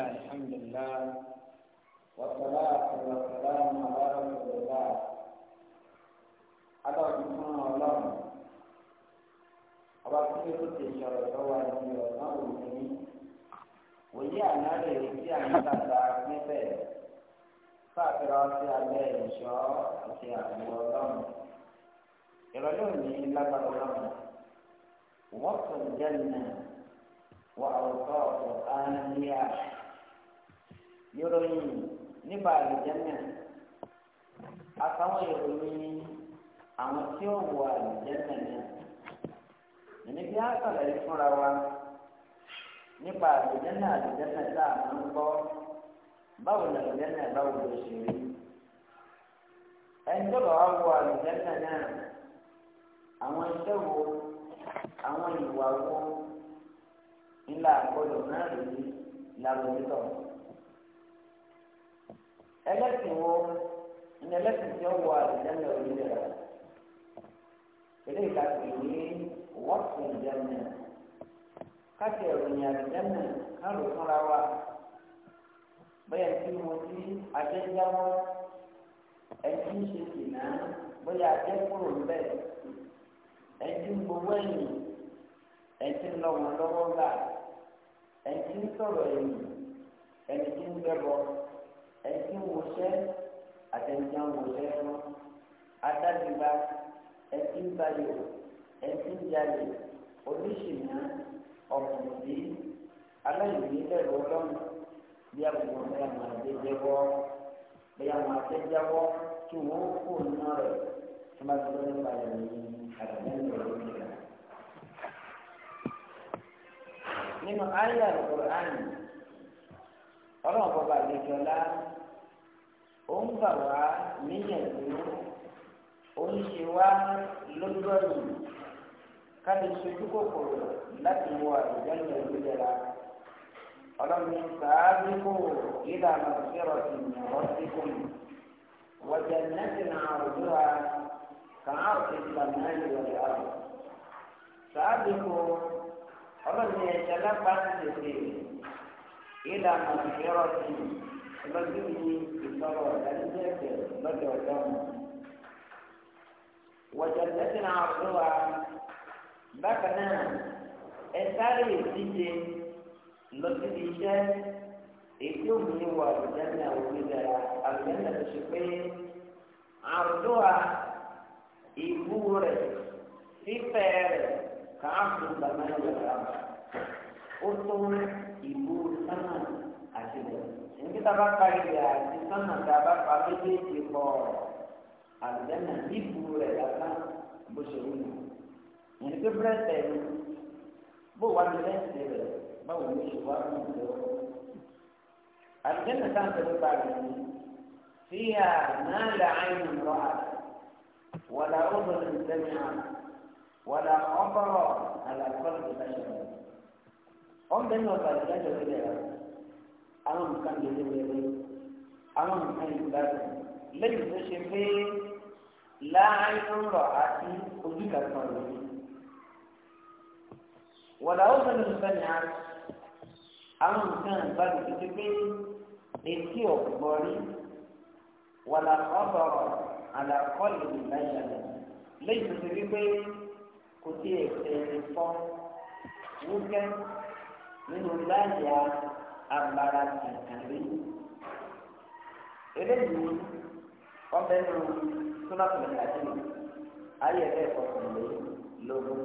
لله الحمد لله والصلاة والسلام على رسول الله على رسول الله ọba tí yóò ti sọ̀rọ̀ lọ́wọ́ àti ọ̀sán òní wòye àná lè rí tí àyè bàtà níbẹ̀ fàtìrà ọtí abẹ́ ìṣọ́ àti àbúrò ọlọ́run ìrọ̀lẹ́ òní lágbára ọlọ́run wọ́n tún jẹ́ nà wọ́n àwòkọ́ ọ̀hánìyà ìròyìn nípa àlùjẹ́nà àtàwọn ìròyìn àwọn tí ó wọ àlùjẹ́nà náà ẹni bí a sọ̀rọ̀ yìí fúnra wa nípa àlùjẹ́nà àlùjẹ́nà tá a máa ń gbọ́ báwo ni àlùjẹ́nà báwo ló ṣe rí ẹni tó lọ́wọ́ wọ àlùjẹ́nà náà àwọn iṣẹ́ wo àwọn ìwà wo ńlá àkọlù náà lòdì làbòjútọ̀. ẹlẹ́sìn wo ní ẹlẹ́sìn tí ó wọ àdìjẹ́nà onílẹ̀ rẹ̀ ilé ìkàtì ní wọ́ọ̀sì ìjẹ́nà káṣí ìròyìn àdìjẹ́nà kárò fúnra wa bóyá tí mo ti adéjáwọ́ ẹtí ń ṣe sìnà bóyá adé kúrò ńbẹ ẹtí ń gbowó ẹ̀yìn ẹtí ń lọ́wọ́ lọ́wọ́ gbà ẹtí ń sọ̀rọ̀ ẹ̀yìn ẹtí ń ẹtí wòṣẹ àtẹnudá wòṣẹ fún adágbèbá ẹtí bayò ẹtí jalè oníṣìná ọ̀pọ̀lọpọ̀ aláìní lẹ́rù ọlọ́run bí àbùkù bí àwọn àtẹjẹwọ́ bí àwọn àtẹjẹwọ́ tí wọ́n kó nínú rẹ̀ tí wọ́n ti lọ́nà balẹ̀ ní àtẹnudá rẹ̀ nínú ayé àlùkò àná ọlọ́run bọ́ba àlejòlá ó ń bà wá níyànjú ó ń ṣe wá lọ́dọ́rùn ká lè ṣojú kòkòrò láti wọ àlùjáde ìlera ọlọ́run sàábí kò ìlà àmọ̀síọ̀rọ̀ ìyàwó sí kò ní wọ́jà nẹ́ẹ̀tì náà òdúrà kàá òkè ìlànà ìwọ̀lẹ̀ àrùn sàábí kò ọlọ́run ẹ̀ṣẹ̀ lápá ti tètè. إلى مغفرة رجله بصلاة الجسر بدر الدم وجلتنا عرضها بكنا إسالي السجن لطفي الشيخ يكون هو الجنة وكذا الجنة الشقيق عرضها يبور في فعل كعرض الزمان والأرض قلتم ìbò sánà àti ilẹ̀. Èmi tá a bá ka ilẹ̀ àti sánà tá a bá pa méjèèjì pọ̀ àlùjẹ́nà níbu rẹ̀ lásán bó ṣe wù mí. Èmi tó bẹ̀rẹ̀ tẹ̀lé bó wà ní lẹ́sìn rẹ̀ báwo ni oṣù wa kù tó. Àlùjẹ́nà tá a tẹ̀lé pa rẹ̀ ni fíyà náà lè àyìn lọ́ wàlà ọ̀dọ̀ ní wàlà ọ̀bọ̀rọ̀ àlàkọ́lù tó bá wọn bẹ náà bàjẹ́ dájọ́ sílẹ̀ rà àwọn nǹkan lóde wẹ̀rẹ̀ àwọn nǹkan ìgbàgbọ́ lẹ́yìn tó ṣe pé láàánú rọ̀ àti ojú kàkan lóde. wọ̀dà ó fẹ́ lóṣù fẹ́ni á àwọn nǹkan ìgbàgbọ́ tó ṣe pé etí ọ̀gbọ́rí wàlà ọ̀bọ̀rọ̀ àlàkọ́lì ìgbàyà lẹ́yìn tó ṣe wípé kò tí ì fẹ́ fọ́ wúkẹ́ nínú láyà abara kàkàrí eléyìí ọbẹ̀ nù súnàkùnrin àti ayé ẹ̀rẹ́ ọ̀kùnrin lógún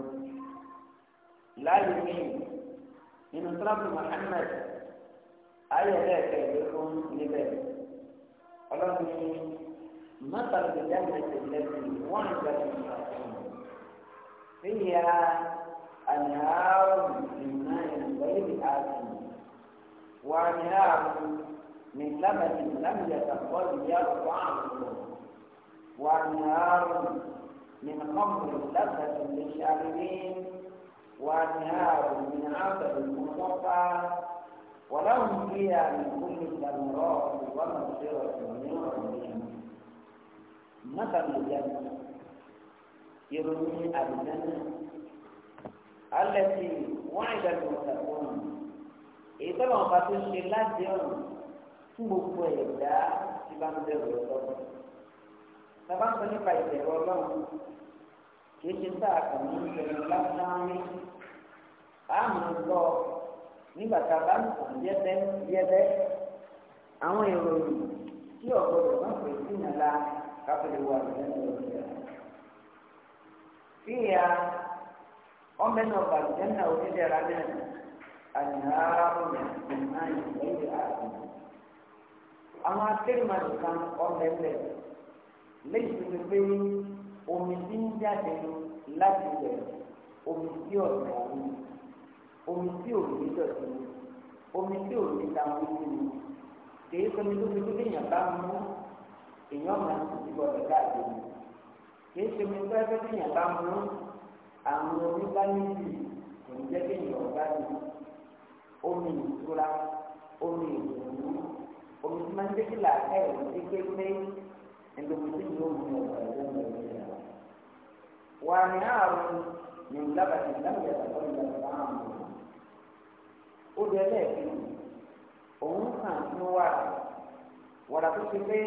láyé mi nínú súnàkùnrin Muhammad ayé ẹ̀rẹ́ ẹ̀kẹ́lógún níbẹ̀ ọlọ́run ní mọ́tàlùmí jáde ẹ̀sẹ̀ lẹ́sìn wọ́n ń gbàgbé ìgbà fún mi. أنهار من ماء غير آسن وأنهار من لبن لم يتقل يرفع وأنهار من خمر لذة للشاربين وأنهار من عسل مصفى ولهم فيها من كل الثمرات ومغفرة من ربهم مثل الجنة يرمي الجنة alẹ́sì wọ́n ìdájọ́ ìtàkùn èyí tó lọ́wọ́ bá tó ṣe láti ọ̀nà fún gbogbo ẹ̀dá tí bá ń bẹ̀rù ọlọ́run sábà ń sọ nípa ìbẹ̀rù ọlọ́run kì í ṣe sáà kàn ní ìbẹ̀rù lásán rí àmì lọ nígbà tá a bá ń sàn yẹ́bẹ́ yẹ́bẹ́ àwọn ìròyìn tí ọ̀gbọ́dọ̀ náà pè sí ìyànlá káfíńwá ìrẹ́lẹ̀ òkè rẹ̀ ọmọ ẹni ọba ìjẹun náà onílé ara náà àyìnbáàbò náà ìlẹ́yìn ààbò àwọn akérèmọ nìkan ọmọ ẹlẹ lẹ́yìn tó ti pé omi tí ń jáde láti rẹ omi tí ọ̀nà òun omi tí ò ní dọ̀tí omi tí ò ní táwọn ojú ni kìí sọmi tó fi kúkú èèyàn bá mú èèyàn máa ń tìjú ọ̀dọ̀ káàkiri kìí sọmi tó ẹgbẹ́ tí èèyàn bá mú àwọn onígbàmísì kò ní jẹ́ kí èèyàn gbádùn omi ìtura omi ìdùnnú omi tí máa ń dékì làákà ẹ̀ ní pépé ẹ̀dọ̀mọ̀tì ni ó mú ọ̀gá ẹ̀dọ́ ní ọ̀gá ẹ̀dọ́ wà ní àrùn ní ìlàbàtì ìlàbàtì àtàkọ́ ìlàbàtì àrùn ó dé ẹlẹ́ẹ̀kì òun kàn ń wà wàrà tó ti pé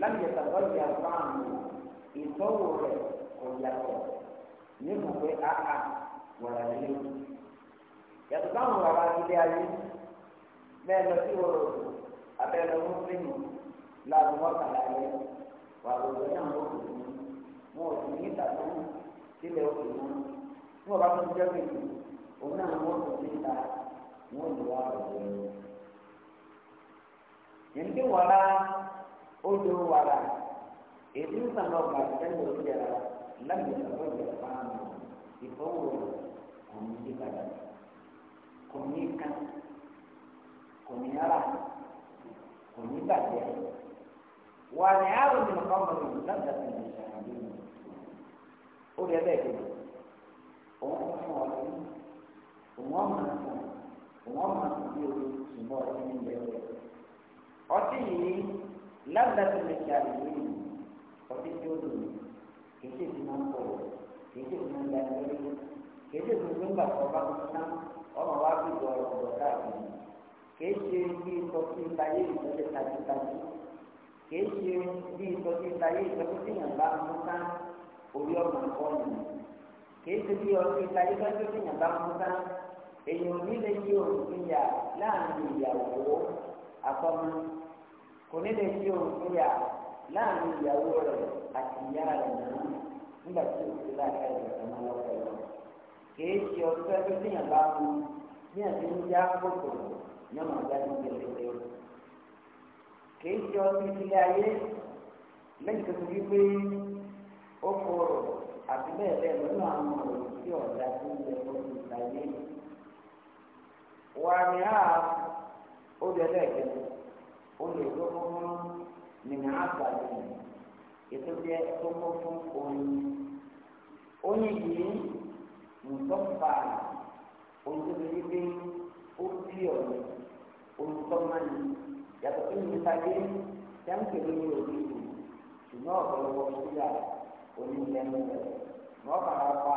lábìyàtà lọ́ọ̀yà fáàmù ìtọ́wò rẹ̀ kò yàtọ̀ nínú pé áhà wàrà nílé o yàtọ̀ táwọn wàrà ilé ayé bẹ́ẹ̀ lọ sí wọ́rọ̀ òkú abẹ́rẹ́ mùsùlùmí láàbù mọ́kànlá yẹ wà lóògbé náà ló kù mí wọn ò sì ní ìtàkùn sílẹ̀ òkú mọ́ tí wọ́n bá tún jẹ́ pẹ̀lú òun náà wọ́n kò sí ìta wọ́n lù wá òkú yẹn. yẹn ti wàrà ó lo wàrà èdè ń sàn lọ sẹ́yìn òkú yẹn لم يتغير طعامه بفور عن جبله كنيكا كنيرة كنيبة ونعار من قمر لذة للشاهدين قول يا ذاك وما حوالين وما منكم وما منكم يقول سبوع من بيته أتي لذة للشاهدين أتي يقول kì í ṣe ti máa ń pọ̀ kì í ṣe ti máa ń dání lórí kì í ṣe ti máa ń gbà kọ́ bá ń ná ọmọ wa fi gbọ́ ọ̀rọ̀ káàkiri kì í ṣe bí ikọ̀ sí ìtayé ìtọ́jú tajútajú kì í ṣe bí ikọ̀ sí ìtayé ìtọ́jú tí yàn bá mú ká orí ọ̀nà kọ́ni kì í ṣe bí ọtí ìtayé ìtọ́jú tí yàn bá mú ká èèyàn nílé yí òògùn yà láàrin ìyàwó àtọ́mọ kò nílé yí òògùn yà láàrin ìyàwó rẹ̀ àti ìyá rẹ̀ náà nígbà tí o ti láàka ìgbàgbọ́ máa lọ́kọ̀ lọ. kìí ṣe tó bá ní àti ní kòkòrò ní ọmọ kìí ṣe ọtí ilé ayé tó pé ó àti bẹ́ẹ̀ bẹ́ẹ̀ lọ́nà àwọn ọ̀rọ̀ tí tó ń fún ní àá ó lè mìnà àgbàdo ètò jẹ tó kó fún oyin oyin yìí nǹkan fà oyin tó fi gbé ó bí ọ̀nà oyin tó má ní yàtọ̀ tó ní ìpàdé jáǹkì ló ní òbí yìí ṣùgbọ́n ọ̀pọ̀lọpọ̀ síyà oyin lẹ́nu rẹ̀ wọ́n fara pa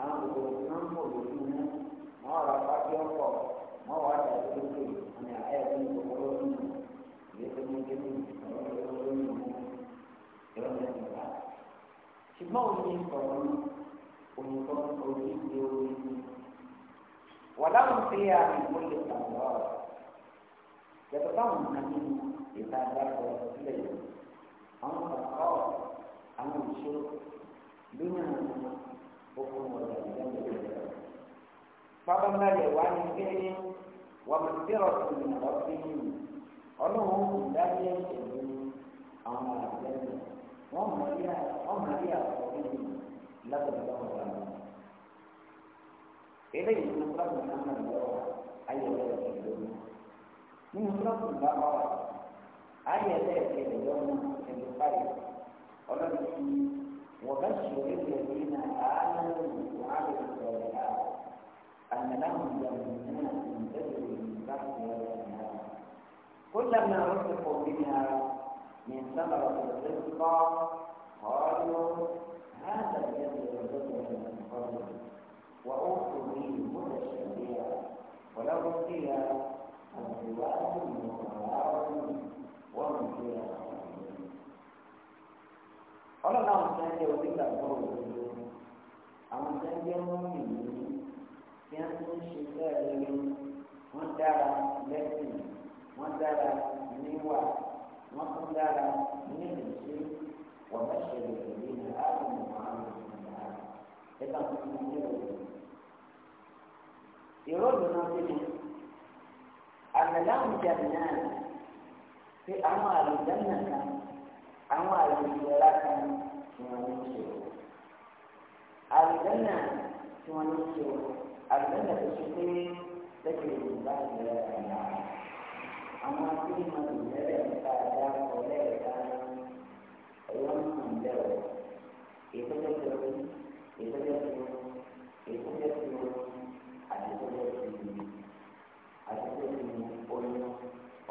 àwọn kòkòrò tó ń bọ̀ lórí iná wọ́n rà pa bí ọkọ̀ wọ́n wà dàgbé lókè ọ̀nà ẹ̀ẹ́dínlógún lórí iná ṣùgbọ́n òní sọ̀rọ̀ òní sọ̀rọ̀ òní ìgbé orí ni wàláhùn sí àmì ìmúlẹ̀ ìtàgbọ́ yàtọ̀ táwọn àmì ìtàgbàgbọ́ sílẹ̀ àwọn kàkọ́ àwọn òṣó lónà okùn ọ̀dà ìdánilẹ̀ pápá ńlá rẹ̀ wá ní kéde wàmùsírọ̀ tó ní ọ̀sìn yìí ọlọ́run kò dájú ẹ̀ṣẹ̀ lórí àwọn àgbẹ̀lẹ̀ wọ́n mọ̀ rí àkọ́kọ́ nínú lábẹ́lẹ́ ọ̀gá wọn. eléyìí ló bá mi náà lọ́wọ́ ayẹyẹ ìlú nínú búlọ́ọ̀kù bá wà ayẹyẹ ìlú lọ́wọ́ ẹ̀lú báyìí ọlọ́run ti wọ́n bá ṣòro ìlú yìí náà àánú wàhálà ìsọ̀rọ̀ yà á àmì láwọn ìyàwó náà ń tẹ̀lé ìlú bá ti wọ́n yà á. كلما رزقوا منها من ثمرة الرزق قالوا هذا الذي رزقنا من قبل وأوتوا به متشابها ولهم فيها أزواج وأعراض وهم فيها خالدون قال لهم سيدي وذكر قوله àwọn sẹ́ńdẹ́ wọn nìyí tí wọ́n ti ń ṣiṣẹ́ rere wọ́n dára lẹ́sìn wọ́n dára níwà wọ́n tún dára ní ìrísí wọ́n bá ṣe lè rí ní àárín àwọn ìgbà ẹ bá wọn fún mi lọ. ìrọ́lù náà ti ní àmàláwùn jáde náà pé àwọn àlùjáde kan àwọn àlùjáde kan tí wọ́n ń ṣe o. àlùjáde tí wọ́n ń ṣe o àlùjáde tó ṣe pé lẹ́yìn ìgbà ìgbà ìgbà àwọn tí wọn lò lẹ́rẹ̀ nípa àdáàkọ lẹ́ẹ̀ka ọwọ́ náà ń bẹ̀ wọ̀ ìtọ́jọ́ tó ń ìtọ́jọ́ tó ń ìtọ́jọ́ tó ń àdìsọ́jọ́ tó ń àdìsọ́jọ́ tó ń oyún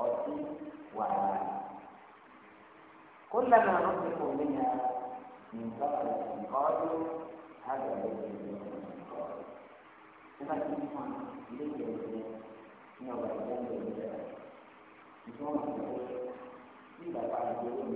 ọtí wàrà. كلما رزقوا منها من ثمرة tí ń bọ́ ó kọ́ ọ̀rọ̀ ó ṣùgbọ́n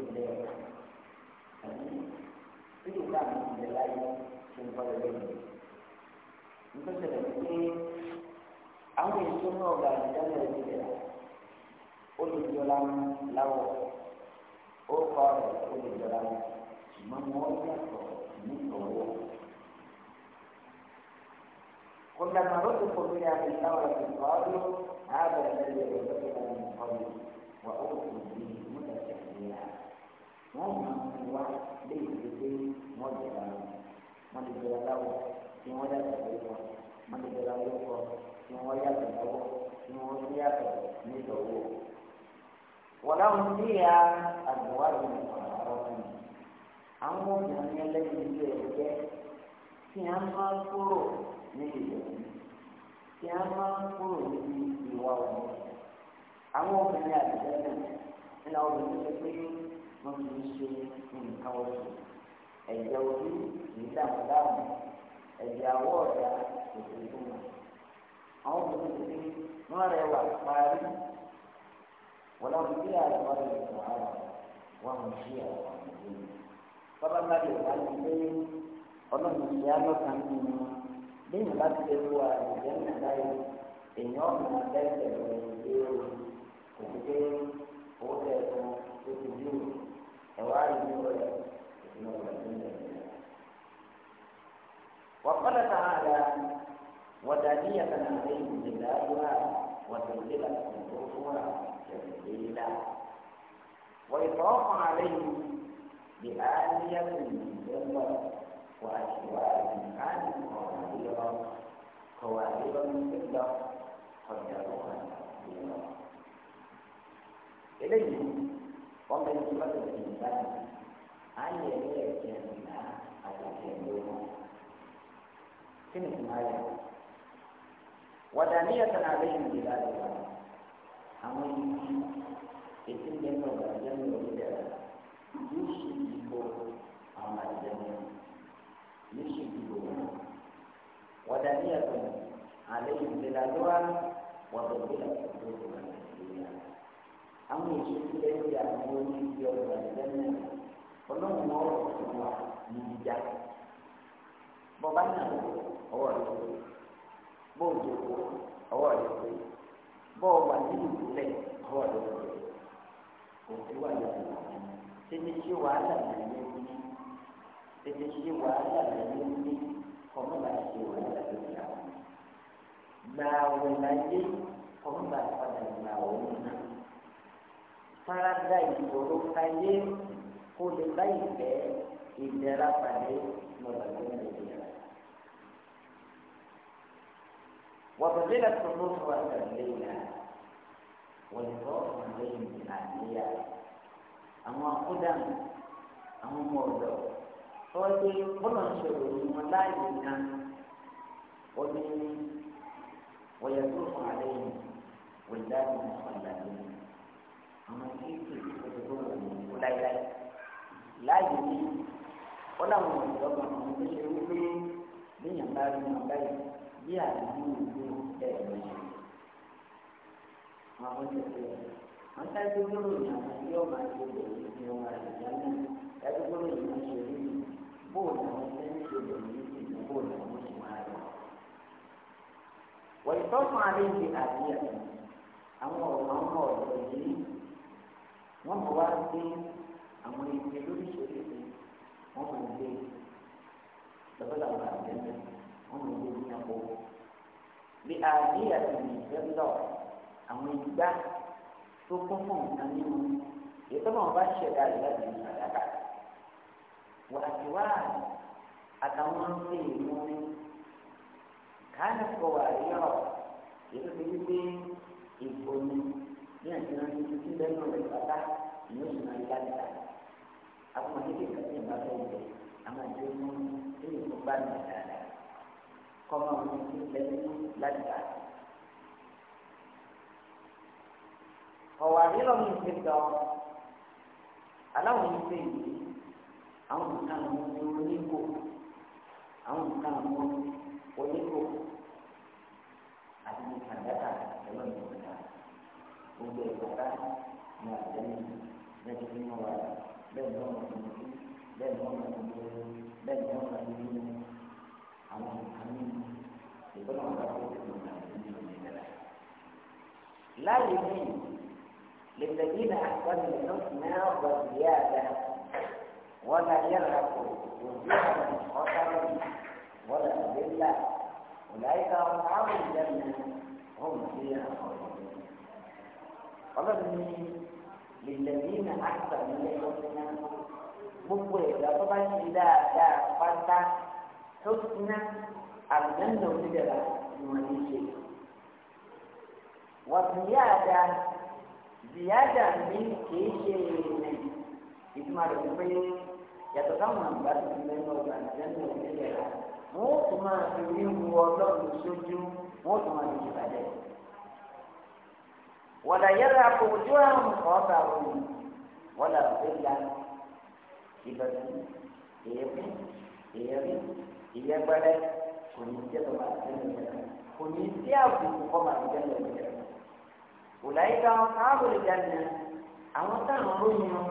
wọ́n yàtọ̀ nítorí wọn. كلما رزقوا بها من ثورة قالوا هذا الذي رزقنا من قبل وأوتوا به متشابها وهم هو ليس بشيء مجرى مجرى له في ولا تقوى مجرى له في ولا تقوى في ولا تقوى ولهم فيها أزواج مطهرة àwọn obìnrin ẹlẹ́yìn ilé ẹ̀jẹ̀ tí a nínú ìyẹ̀wò kí a máa ń kúrò níbi ìwà ọ̀hún. àwọn obìnrin àgbẹ̀ náà ńlá obìnrin ṣe pé wọ́n ti ṣe nǹkan oṣù ẹ̀jẹ̀ ojú kìí dààmú dààmú ẹ̀jẹ̀ àwọ̀ ọ̀dà kò tó mọ̀. àwọn obìnrin ṣe pé wọ́n rẹwà parí wọ́n lọ́wọ́ bí àwọn ọ̀dọ́ ìgbà wọn ò ṣí àwọn ọ̀dọ́ bàbá bá lè wá ní pé ọlọ́run ìyá lọ́kàn nínú wọn lẹ́yìn bá ti lè wo àìjẹ́ náà báyìí èèyàn ọ̀nà abẹ́rẹ́ rẹ̀ lé o kò ní pé owó tẹ̀ fún oṣù yìí ẹ̀wá ìlú rẹ̀ ìlú rẹ̀ ló ń bẹ̀rẹ̀. وقال تعالى ودانية عليهم ظلالها وذللت قطوفها تذليلا وإطاف عليهم بآنية من جنة وأشياء عن قوارير قوارير فضة قدروها بالنار إليه ومن صفة الإنسان أن يليك منها أتكلم كلمة آية ودانية عليهم بلادها أمين إتم جنة وجنة وجنة يوشي بكم أمال جنة لشكلهم ودانية عليهم ظلالها وظللت قلوبهم الكثيرة أما يشوف الذي يعملون في يوم الجنة فلهم نور الله من جهة بابانا هو bóòjòkó ọwọ́ rẹ̀ pé bọ́ọ̀ wà nínú ìpínlẹ̀ ọwọ́ rẹ̀ pé kò sí wà lọ́wọ́ ṣé ní ṣé wàhálà nàìjíríà ní tètè ṣe wàhálà lẹ́yìn ní kọ́mọ́ bá ṣe wàhálà lórí àwọn. Gbààwé láyé kọ́mọ́ bá padà gbààwé náà. Fáradà ìṣòro káyé kó lè bá ìfẹ́ ìdẹ́ra pàdé lọ́dọ̀ tó ń lè yàrá. وبذل الصنوف وتذليلا والفرق بين العالية أما قدم أما مرضى wọ́n gbé bọ́lá ṣòro wọn láàyè kan wọ́n ní wọ́n yẹ kó fún àlẹ́ yìí wọ́n dá ní ọ̀là yìí àwọn kéèké ìfọ̀tò tó wọ̀ ní láíláí láàyè ní wọ́n láwọn ọ̀dọ́ kan àwọn tó ṣe wípé níyàn bá rí wọn báyìí bí àdúgbò ìlú ẹ̀ lọ́sẹ̀ wọn àwọn tó ṣe wọ́n wọ́n sáré àwọn tí yóò máa ṣe lòdì wọn àti ìyá náà bóòlù àwọn ṣe ń ṣe lòdì sí ìlú bóòlù àwọn ṣe máa lọ. wọ́n ìtọ́sùn alẹ́ ìdí àti ẹ̀sìn àwọn ọ̀rọ̀ àwọn ọ̀rọ̀ yìí wọ́n mọ̀ wá sí àwọn ibi lóríṣiríṣi wọ́n mọ̀ gbé lọ́sọ̀dọ̀ àwọn àgbẹ̀mẹ̀ wọ́n mọ̀ gbé ní àpò. bí àdí àti ìfẹ́lọ́ àwọn ìgbà tó kún fún nǹkan nínú ètò náà ṣẹ̀dá rẹ̀ láti wàtíwáàdì àtàwọn ṣe ìmúni káàdì kọ̀wà yọ̀ èyí ti di pé ìbomi ní àtìrán ní ti bẹ́ẹ̀ náà rẹ̀ pátá ìyóò sì máa yá níta àwọn akéèké kàtí ìgbà fẹ́ jẹ àwọn àti ọmọ ìlú tó bá mi dáadáa kọ́mọ àwọn ti bẹ́ẹ̀ ní láti bá a. ọ̀wà rírọ̀ mi ti aláwọ̀ mi yìí àwọn nǹkan àwọn ni oníkò àwọn nǹkan àwọn oníkò àti nǹkan dáta ẹ̀rọ ìgbàlá gbogbo ìgbàlá ní àtẹ̀lé lẹ́yìn tí wọ́n wà bẹ́ẹ̀ ni wọ́n ti mú bẹ́ẹ̀ ni wọ́n ti mú bẹ́ẹ̀ ni wọ́n ti mú àwọn nǹkan ní ìgbọ́n náà bá tó tó nà ní ìgbàlá. láyé mi lè tẹ̀lé ní àkọ́ni lọ́sùn náà wà sí àgbà. ولا يرهق وجوههم خطر ولا ذلة أولئك أصحاب الجنة هم فيها خالدون قبل للذين أحسنوا الحسنى gbogbo ìgbà tó bá ṣe dáadáa pátá tó ná àgbẹ̀ndà onídẹ̀ra ni wọ́n ti ṣe. wọ́n ti yáàdá ziyada mi kìí ṣe ìrìnà ìtumọ̀ rẹ̀ pé yàtọ̀ táwọn àgbà tó ti lẹ́nu ọgbà ìjẹ́nu ìdílé rà wọ́n ó tún máa fi wíwu ọlọ́run sójú wọ́n ó tún máa fi ìbàdẹ́. wọ́dà yẹ́rọ àpòjú àrùn ọ̀ọ́ta òun wọ́dà òbẹ́lá ìbẹ̀rù èyẹ̀bí èyẹ̀bí ìyẹ́gbẹ́rẹ́ kò ní jẹ́ bàbá àtẹ́lẹ̀ ìjẹ́rẹ́ kò ní sí àbùkù kọ́ bàbá àtẹ́lẹ̀ ìjẹ́rẹ́ òlàyíká wọn káàbọ̀ ìjẹ́rẹ́ àwọn táwọn lóyún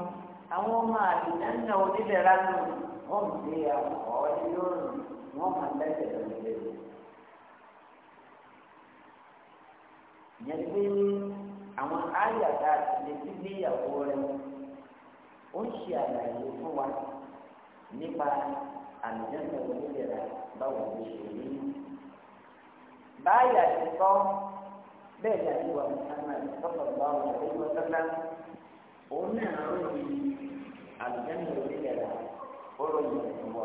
àwọn ọmọ àdìsẹ́ náà onídẹ̀ẹ́ra nù wọ́n mú sí àwọ̀ ẹni yóò rùn wọ́n máa ń lẹ́sẹ̀ lórí lẹ́yìn. ìyẹn ti pé àwọn àyàtà lè ti gbé ìyàwó rẹ̀ ó ń ṣe àlàyé fún wa nípa àdìsẹ́ náà onídẹ̀ẹ́ra báwo ló ṣe rí. báyà ti sọ bẹ́ẹ̀ ni àti wà mí sánà ìfọ̀kànlá ọ̀rọ̀ ìwọ̀n òun náà ló di àlùjáde onílẹ̀ra ọ̀rọ̀ ìyẹ̀wò wa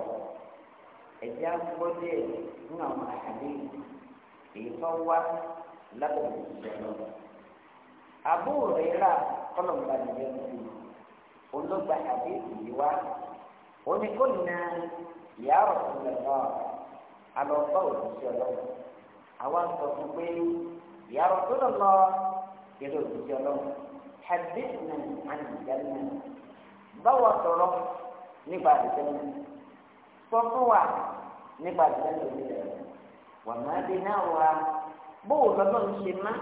ẹ̀jẹ̀ agbọ́dẹ̀ fún àwọn àdé èyí tó wá lábẹ́ ìṣẹ̀lẹ̀ àbúrò rẹ̀ rà kọ́lọ̀mùbá nìyẹn fún mi olóògbé àdé yìí wá oníkóyìnà ìyá ọ̀sùn lẹ́kọ̀ọ́ alọ́gbọ́ òṣìṣẹ́ ọlọ́run àwa sọ fún pé ìyá ọ̀sùn lọ́lọ́ ìrẹ́ òṣìṣẹ́ ọlọ́run. حدثنا عن الجنة بوا صرف نبعد الجنة صفوا نبعد الجنة وما بناها bóò lọ́lọ́ ń ṣe má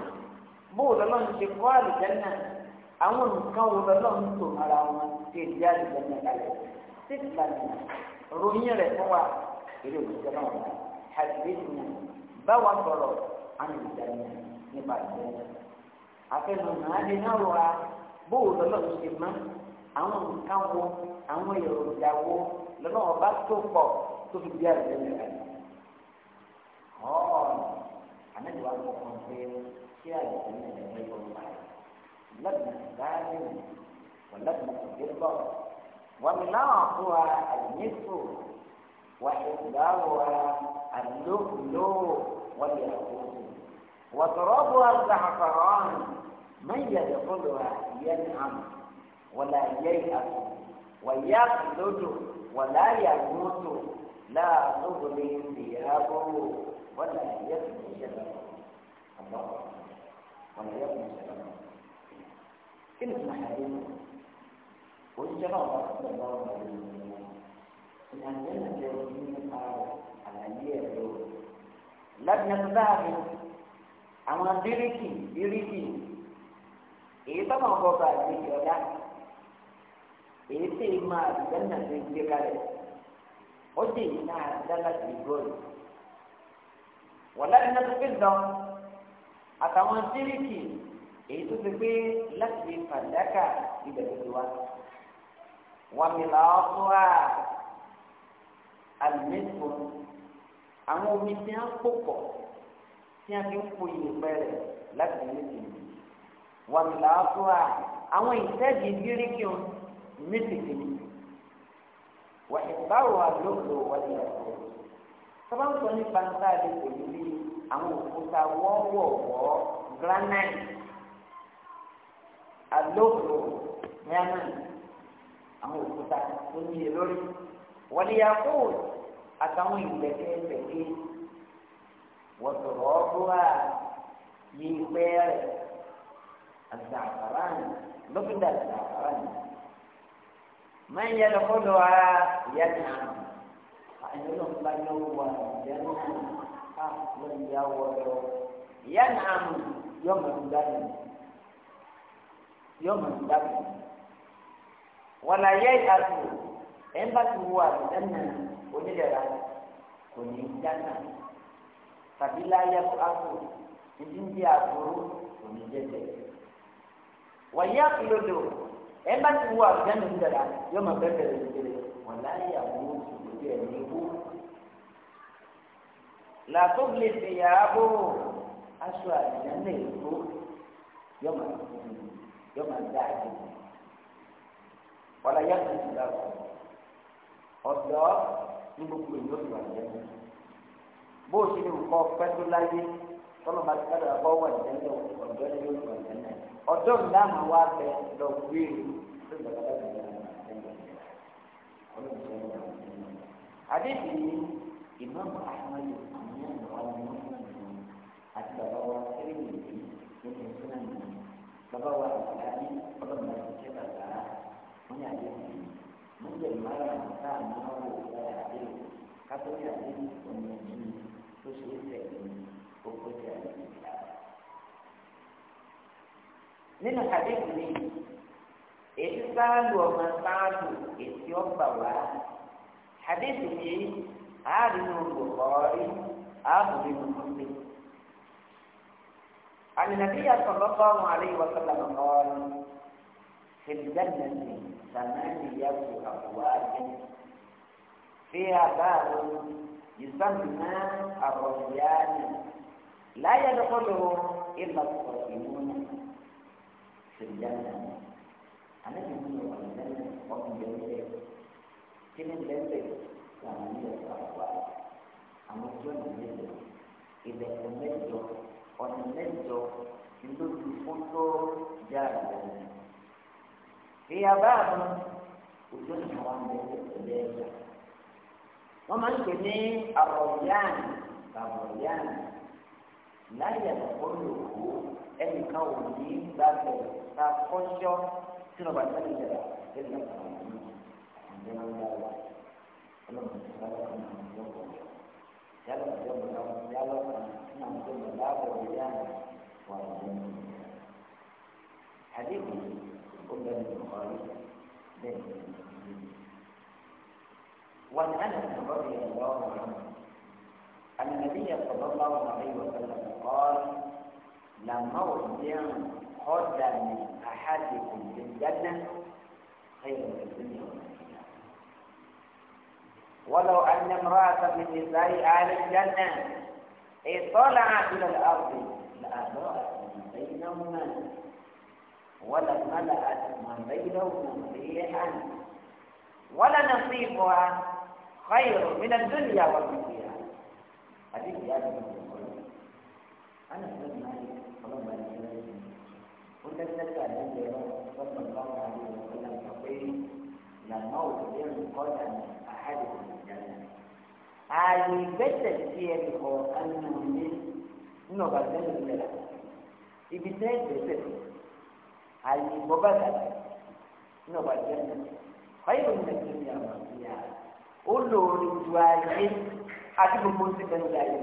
bóò lọ́lọ́ ń ṣe kọ́ àlùjànnà àwọn nǹkan wo lọ́lọ́ ń tò ara wọn tí èdè àlùjànnà kalẹ̀ títí lànà ròyìn rẹ̀ fún wa èrè òṣìṣẹ́ náà wà àdéhùn báwa sọ̀rọ̀ àlùjànnà nípa àlùjànnà àfẹnumọ̀ adínáwó a bóòwò lọ́lọ́run ṣe mọ́ àwọn nǹkan wo àwọn èròjà wo lọ́lọ́run bá tó pọ̀ tó fi bí àrùn lẹ́yìn rẹ̀. ọ̀ ànájú wa kọ̀ kan pé kí àrùn lẹ́yìn rẹ̀ ló yọ̀ wá rẹ̀ lọ́dún báyìí wọ́n lọ́dún òkè bọ̀ náà fún wa àdínífò wà ìgbà wa àlòkùlò wọ́n yẹ kó. وترابها الزعفران من يدخلها ينعم ولا ييأس ويخلد ولا يموت لا تظلم ثيابه ولا يفني شبابه الله ولا يفني شبابه كلمة حريم والشباب صلى الله عليه وسلم إن أنزلنا الجوزين على أن لم لبن àwọn bíríkì bíríkì èyí tọ́mọ̀ ń bọ̀ bá àgbèjì ọ̀dá èyí tí ì máa àdìgbẹ́ náà lè gbé kalẹ̀ ó dì í náà dáná sí góòlù wọ́n láti náà fi lọ àtàwọn bíríkì èyí tó ti gbé láti fàdákà ibẹ̀ tó ti wọ́n mi là ọ́ tó wá àlùmíìfò àwọn omi tí wọ́n kó pọ̀ tí a fi ń po ìyèpẹ̀ rẹ̀ láti ní tìǹbì wọn là á fún wa àwọn ìtẹ́jì bíríkì ń ní tìǹbì wà ìbáwò àlòlò wọlé ẹ̀kọ́ sábà ń sọ nípa nípa àti pẹ̀lú bí àwọn òkúta wọ́wọ́wọ́ granite àlòlò mẹ́rin àwọn òkúta tó níye lórí wọlé ẹ̀kọ́ àtàwọn ìgbẹ́kẹ̀ẹ́ pẹ̀lú wọ́tọ̀rọ̀ọ́bùwà yìí pẹ́ẹ́rẹ́ àzàfàràn lókìdá àzàfàràn. من يدخلها ينعم فأنهم لن يوى ينعم أهلا يوى ينعم يوم الدم يوم الدم ولا ييأس إن بس هو الجنة ونجرة ونجنة tàbí láyé àpò ìdí ń bí àbúrò òní jẹjẹ. wàyí àkìlò lò ẹ bá ti wọ àbújáde ń dara yóò máa bẹ bẹ̀rẹ̀ ìdílé wọn láyé àbúrò òní ẹ ní ikú. làtó lè fi yà á bò aṣọ àbújáde èkó yóò máa yóò máa dá àjẹ. wọ́n láyé ọ̀dọ́ ní gbogbo ìlú òṣùwà jẹ́ bó o ti ní nǹkan pẹ́tù láyé tọ́lọ́mà ti ká dàgbà wà ìdẹ́lẹ̀ ọ̀dọ́ ni yóò wà ìdẹ́lẹ̀ ọ̀dọ́ mi láàmú wa bẹ lọ gbé e ló ń bẹ̀rẹ̀ láti bẹ̀rẹ̀ ọ̀dọ́ àdébì ìmọ̀mù ahmed àmúyẹ̀ ìwà ni wọ́n ń bẹ̀rẹ̀ àti bàbá wa kéré yìí nínú ìfúnná mi bàbá wa àgbà ní ọlọ́mà ti kẹ́ bàbá wọ́n yà dé sí i mo ń tó ṣe é tẹ̀lé gbogbo jẹ́ àlejò nínú kàdéèkì ni èyí sáàlù ọmọ sáàlù èsì ọgbà wá kàdéèkì ni àárínú olùkọ́rí ààbùrí nìkúndé. عن النبي صلى الله عليه وسلم قال في الجنة ثمانية أبواب فيها باب يسمى الرجلان لا يدخله إلا الصالحون في الجنة أنا جميل والجنة ومن جميل كمن جميل كان من الصحابة أما كان جميل إذا كملت ونملت إنه يفوت جارة فيها باب وجنة وعند الجنة wọ́n máa ń pè ní àbọ̀yán àbọ̀yán láyé àbọ̀lòkó ẹnìkan ò ní gbàgbẹ́ ta kọ́ṣọ́ tí wọ́n bá ti sáré jẹ̀rà lẹ́yìn náà kàn án ní ìjọba ńlá wa ọlọ́run ti sáré kan náà ní ọ̀pọ̀ yálà ìjọba náà yálà kan náà ní ọ̀pọ̀ láàbọ̀ ìyá wà lẹ́yìn náà. àdébù ó bẹ̀rẹ̀ ìkọ̀rí bẹ́ẹ̀ وعن انس رضي الله عنه ان النبي صلى الله عليه وسلم قال لما وضع من احدكم في الجنه خير من الدنيا ولو ان امراه من نساء اهل الجنه اطلعت الى الارض لاضاءت من بينهما ولملأت من بينهما ريحا ولا نصيبها خير من الدنيا والدنيا هذه هي ابن أنا سلم مالك اللهم لا قلت لك النبي صلى الله عليه وسلم يقول إلى الموت ينقل عن أحدكم يعني الجنة أي بدل فيه القرآن من إنه بدل الجنة إبتداء بدل أي مبادرة إنه بدل خير من الدنيا والدنيا ó lòrì ju ayé àti gbogbo ti bẹ̀rù ayé.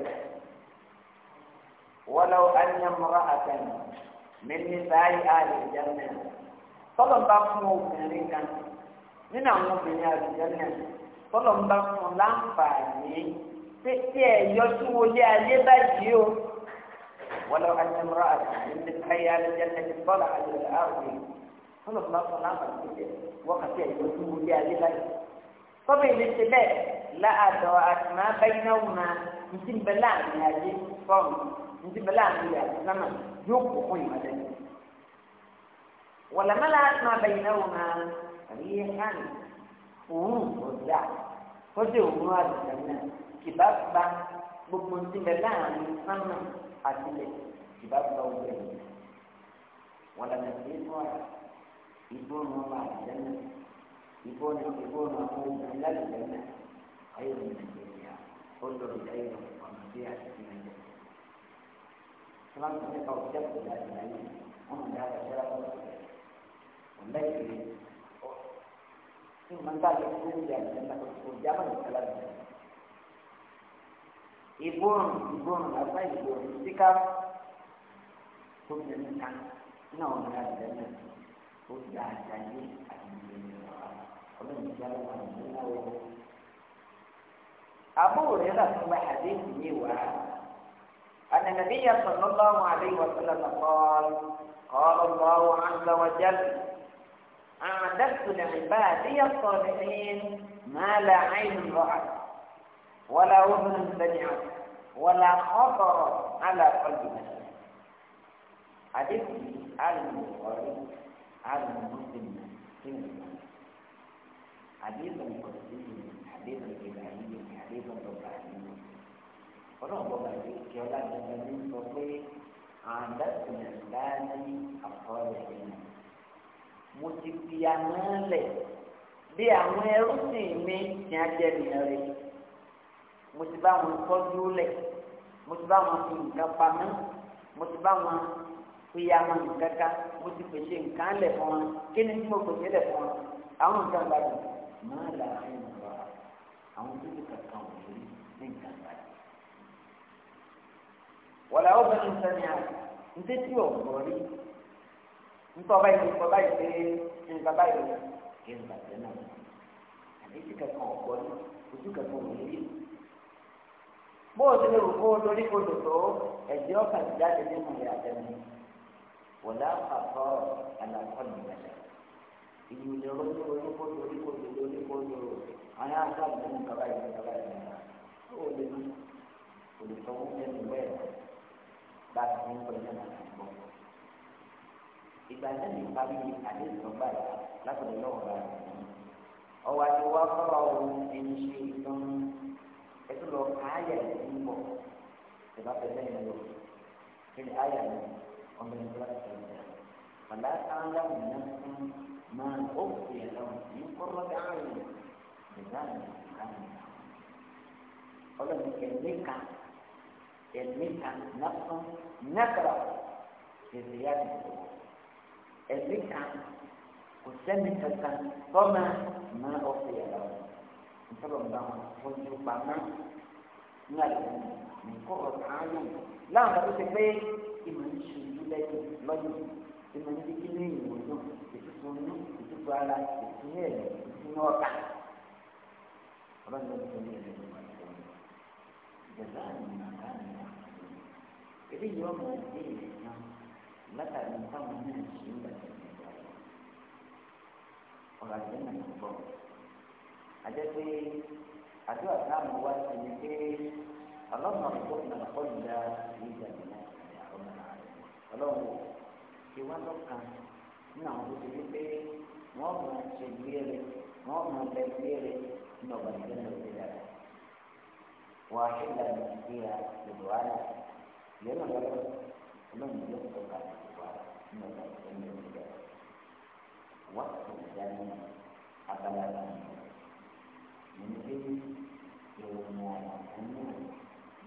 wọ́lọ́ anyamọ́ra àtẹnu mímí sáyé àlè ìjánná tọ́lọ̀ bá fún obìnrin kan nínú àwọn obìnrin àlè ìjánná tọ́lọ̀ bá fún láǹfààní tí ẹ yọ sí wọlé ayé báyìí o. ولو أن امرأة من حيال الجنة طلعت الأرض طلب ما صنعها وقت يجوز مجالبا tọ́bí ìlú ti bẹ́ẹ̀ láàdọ̀ àtìmá bẹ́yìn náà wùmá ntí bẹ́ẹ̀ láàrin ayé fọ́ọ̀mù ntí bẹ́ẹ̀ láàrin ayé àtìlámà yóò kó fún ìmọ̀lẹ́. wọ̀lẹ́mọ́lá àtìmá bẹ́yìn náà wùmá rí hàn òun ọ̀dà kọ́dé òun àdìgbà náà kìbá gba gbogbo ntí bẹ́ẹ̀ láàrin sánmà àtìlẹ̀ kìbá gba òun bẹ́ẹ̀ wọ̀lẹ́mọ́lá àtìmá bẹ́yìn náà يكون يكون من الجنة خير من الدنيا كل بداية ومسيح من الجنة كمان في قول شرط لا تنعيم ومن هذا شرط والبيت ثم من قال يكون الجنة تكون جمل الكلام يكون يكون أبا يكون استكاف كل من كان نوع من هذا الجنة كل هذا الجنة أبو هريرة هو حديث يوى أن النبي صلى الله عليه وسلم قال قال الله عز وجل أعددت لعبادي الصالحين ما لا عين رأت ولا أذن سمعت ولا خطر على قلب بشر حديث البخاري عن مسلم في المسلم حديثا قدسيا حديثا إلهيا حديثا ربانيا ọlọ́run bọ́ bàbá ìkẹ́ ọlá dandan ní sọ pé àǹdàkùnrin láàrin àkọọ́lẹ̀ yìí mo ti fi àmọ́lẹ̀ bí àwọn ẹrúsìn mi ti á jẹ́ mi rẹ̀ mo ti bá wọn tọ́jú lẹ̀ mo ti bá wọn fi nǹkan pamọ́ mo ti bá wọn fi àwọn nǹkan ká mo ti pèsè nǹkan lẹ̀ fún wọn kí ni mo pèsè lẹ̀ fún wọn àwọn nǹkan gbàdúrà máa là fún wa àwọn tó ti kàkà wọn lórí ní nǹkan báyìí. wọ́n làwọn bá ń sani à ń tẹ́tí ọ̀gbọ́n rí nípa báyìí nípa báyìí pé nípa báyìí kí n bàtẹ́ náà àdéhùn kankan ọ̀gbọ́n ní ojú kankan wọn lórí. bóò ti lè wò ó tó ẹ̀jẹ̀ ọkàn jáde nínú rẹ̀ àtẹnu wọ́n làwọn àkọ́ àlàkọ́ nìyàtọ̀ ìròyìn ọ̀rọ̀ ní oníkóyò oníkóyò oníkóyò àwọn aṣáájú ní kaba yìí kaba yìí ó lè ní olùsọ̀wọ́ nínú bẹ́ẹ̀ bá ti ń pẹ̀lú àwọn àgbọ̀. ìgbà náà ní parí àdéhùn ọgbà yìí látọ̀dọ̀ lọ́wọ́ rà ọwọ́ àti wá fọ́lá ohun ẹni ṣe ìtàn ẹtú lọ káyà ìlú bọ̀ ìbá fẹ́ lẹ́yìn lọ kí ni áyà ni ọmọ ìgbà tó ń ما أخفي لهم من قرة عين لذلك كان قال يدرك يدرك نفسه نكرة في زيادة القوة يدرك وسمي تلك فما ما أخفي لهم انتبهوا لهم فوجوا بما نلهم من قرة عين لا تقول لي إما نشي لي tí mo ní kí ní ìwòsàn ìtútù inú ìtútù ara ìtúnú ẹ̀mí ìtúnú ọ̀tá ọlọ́run ló ń sọ ní ẹ̀mí ìwà ìtọ́ni ìjọba àmì màkà àmì àkàtúntò èdè yìí ọmọ ìdí ìrìnà látàrí táwọn náà ṣe ń bàjẹ́ nígbà wọn ọ̀rọ̀ àti ẹ̀mí ń bọ̀ àjẹpé àdúrà táwọn wá sí ni pé ọlọ́run àkókò náà kọ́ ìlà ìjà ìlà ìjà ọ̀nà àárẹ̀ ọlọ́run fi wá lọ́kàn nínú àwọn tó ti rí pé wọ́n mọ̀ ṣe gbére wọ́n mọ̀ bẹ gbére nínú ọgbà ìgbẹ́ náà lórí dára. wà á ṣe ìlànà ìgbéra lòdò wá náà ìyẹn náà lọ́wọ́ ọlọ́run yóò tó ká ìwà nínú ọgbà ìgbẹ́ náà lórí dára. wà á tó ìjà ní abala kan nínú pé ìròyìn àwọn kan náà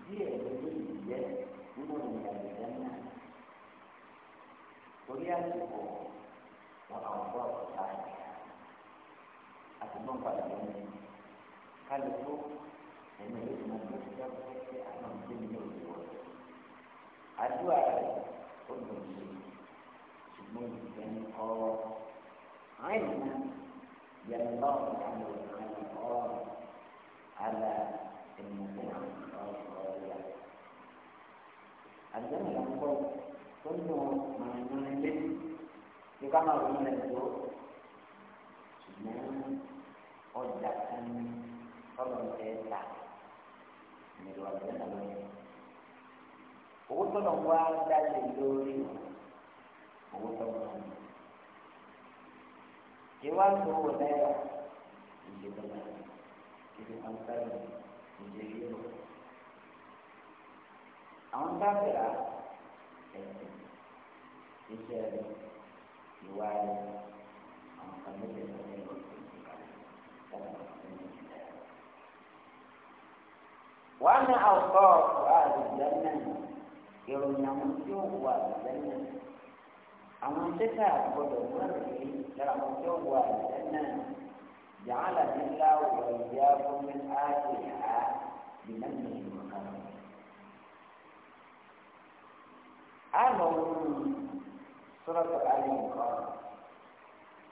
díẹ̀ lórí ìjẹ́ nínú ìrìnàjò náà torí àsìkò wọn àwọn bọ́ ọ̀tá àtìmọ́ padà lónìí kálukú ẹ̀mí yóò mọ bí wọ́n ti dá wọ́n ṣe àwọn ìdílé ní òde wọn. àdúrà rẹ̀ ó lò ní ṣùgbọ́n ìgbẹ́ ní ọ̀rọ̀ àìmọ́ yẹn lọ́wọ́ àwọn ìkànnì ọ̀rọ̀ àlà ẹ̀mọ́ fún àwọn ọ̀rọ̀ ìyá. yẹn ń bọ̀ tó ń dùn mọ̀nìmọ̀nì lé bí ká máa wọlé ẹ̀dọ́ ṣùgbọ́n ọjà kan ní ọlọ́ ẹ̀ ta ìrìnàjò àti ẹ̀dá lọ́yẹ̀. owó tó lọ wá dálé lórí owó tó lọ wá. ìwádìí owó náírà ìdè dọ́là ìdè pàǹtàlì ìdè yúrò. àwọn tábìlà ẹ̀sìn. وأنا أوصاف أهل الجنة يوم يمسون أهل الجنة أما انتهى كل مرئ ترى مسون أهل الجنة جعل الله وإياكم من آتيها بمنه وكرمه أمر surat Ali Imran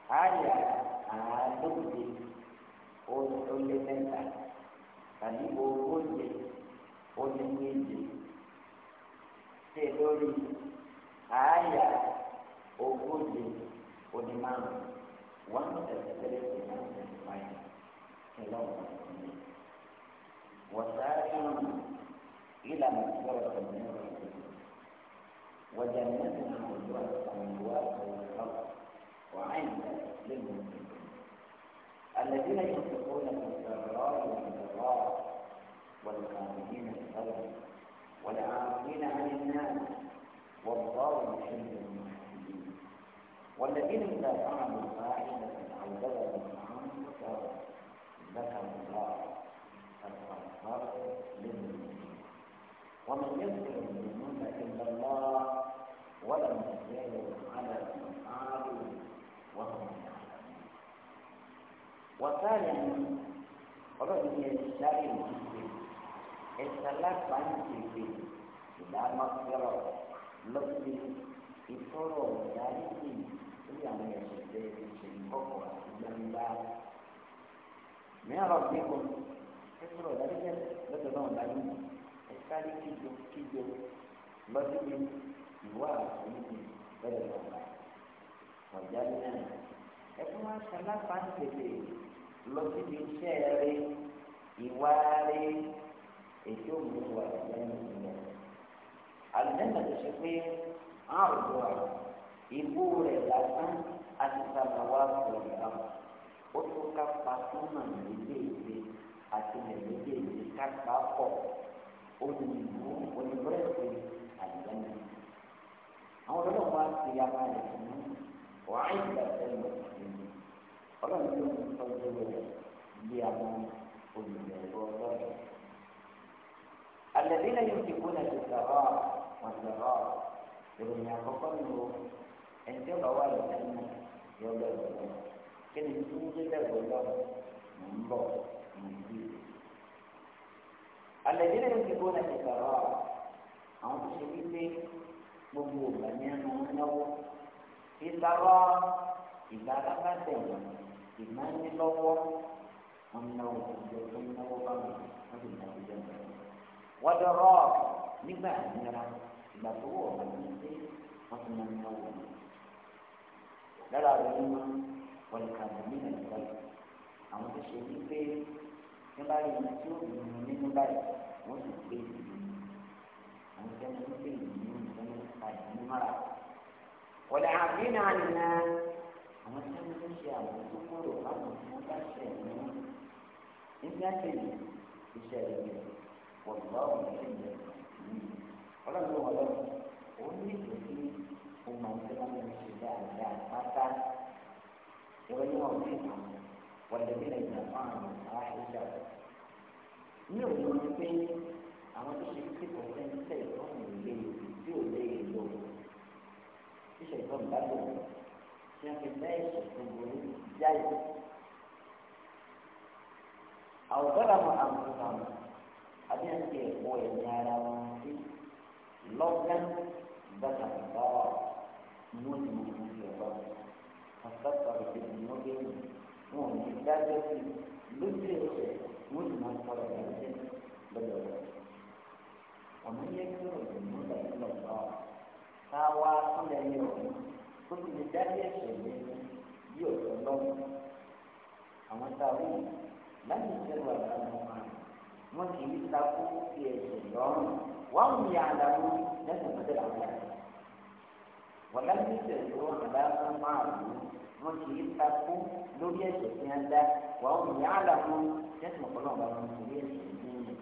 ayat àádóje ó lé mẹ́ta tàbí ogóje ó lé méje ṣe lórí àáyà ogóje ó lé márùn one seven three three nine seven five kìlọ́ọ̀tù wọ̀sáárì ìlànà ìfọ̀rọ̀sọ̀rọ̀ mẹ́rin. وجنته عرضها السماوات والارض للمسلمين الذين ينفقون في السراء والضراء والخامدين الصبر عن الناس والله يحب المحسنين والذين اذا فعلوا فاحشه او بالطعام ذكروا الله فاستغفروا للمسلمين ومن يذكر الذنوب الا الله ولم يزالوا على ما فعلوا وهم يعلمون وثانيا رجل يشتري المسجد الثلاث عن التلفزيون الى مغفره لطف ìtọ́rọ̀ ìdáríjì lórí àwọn ẹ̀sùn tẹ ìṣèlúkọ̀kọ̀ àti gbangba. mìíràn bí kò ẹ̀sùn ìdáríjì lọ́dọ̀ náà dájú kárí kíjọ kíjọ lọ́sibí ìwà àtúntì bẹ́ẹ̀ lọ́la ọ̀já náà ẹ̀fọ́ wa ṣàlápá tètè lọ́sibí iṣẹ́ rẹ ìwà rẹ ètò òmùwà àtúntì rẹ àlùdẹ́nà tó ṣe pé àrùbọ̀ ìbú rẹ̀ lásán àti sàmàwá sọ̀rọ̀ àwọn ó tún ká pa fún màmí méjèèjì àti mẹ̀mẹ́jèèjì ká pa olùdìbò olùbẹ̀rẹ̀ àlùjáde àwọn ọlọ́run wá sí apá rẹ̀ fún wà á ìgbà sẹ́yìn ìlú ọlọ́run ló ń tọ́jú rẹ̀ bí àwọn olùbẹ̀rẹ̀ ọlọ́run. الذين يمسكون في الضراء والضراء ìròyìn àkọ́kọ́ ni o ẹ̀jẹ̀ bá wà lọ́wọ́ náà yọ bẹ̀rù lọ́wọ́ kí ni tí ń gbé bẹ̀rù lọ́wọ́ mò ń bọ̀ mò ń bí i. الذين ينفقون الكفار àwọn tó ṣe wípé gbogbo ìgbà ní ẹnu náwó ìtara ìgbà alábàtẹ wọn ìmọ̀ ní lọ́wọ́ wọn náwó ìjọ tó ń náwó bá wọn wọn sì náwó jẹ wọn. wọ́n dọ̀rọ̀ nígbà ìnira ìgbà tó wọ̀ wọn ní pé wọ́n ti máa ń náwó wọn. lára rẹ̀ ni wọ́n wọlé kàdé nígbà ìgbà yìí àwọn tó ṣe wípé ní báyìí ní tí ó dùn nínú báyìí wọ́n sì gbé ìlú àwọn ìjọba ń gbé ìlú ní ìjọba ń ta ìlú mọ́ra. wọ́n àbí náà nìyà àwọn tí wọ́n ti ṣe àwọn tó kúrò láwọn tí wọ́n bá ṣe ìlú nígbà tí iṣẹ́ rẹ̀ wọ̀ lọ́wọ́ ìṣẹ́ rẹ̀ ọlọ́run ọlọ́run òun ní ìtòsí ọmọ ìjọba ń ṣe dáadáa pátá ìrọ̀lẹ́ ọ̀gbìn àwọn. والذين يتقون الفاحشة ní òun ló ti pé àwọn tó ṣe tí kò fẹ́ ń tẹ̀ lọ́rùn lé tí ò lè lò ṣíṣe ìtọ́nù bá lò tí wọ́n fi bẹ́ẹ̀ ṣètò borí jáì. àwùjọ́ra wọn àmúta wọn àbí wọn ti ẹ̀kọ́ ẹ̀mí ara wọn sí lọ́gán bàtà bàbá wọn ni wọ́n ti mú un fi wọn ò ní dájọ́ sí lójú ẹsẹ̀ wọn sì máa sọ̀rọ̀ ìdájọ́ lọ́dọ̀ rẹ̀. ọmọ yẹn kí wọn ò ní lọ sí lọ́dọ̀ ká wá sílẹ̀ ní ọ̀hún ó sì lè dájọ́ ẹsẹ̀ yẹn bí ọ̀dọ̀ lọ́wọ́. àwọn táwọn yìí láti sẹ́nu àgbàdo wọn wọn kì í takú sí ẹsẹ̀ lọ́rùn wọn ò ní àdàlú lẹ́sìn ìpàdé àwọn wọ́n láti ṣètò àdáná márùn-ún wọ́n ti ń takú lórí ẹ̀sẹ̀ tí wọ́n dá wọ́n ò ní àlàmú jẹ́sùn ọ̀pọ̀lọ́ ọ̀bá wọn lórí ẹ̀sẹ̀ tí wọ́n yàn.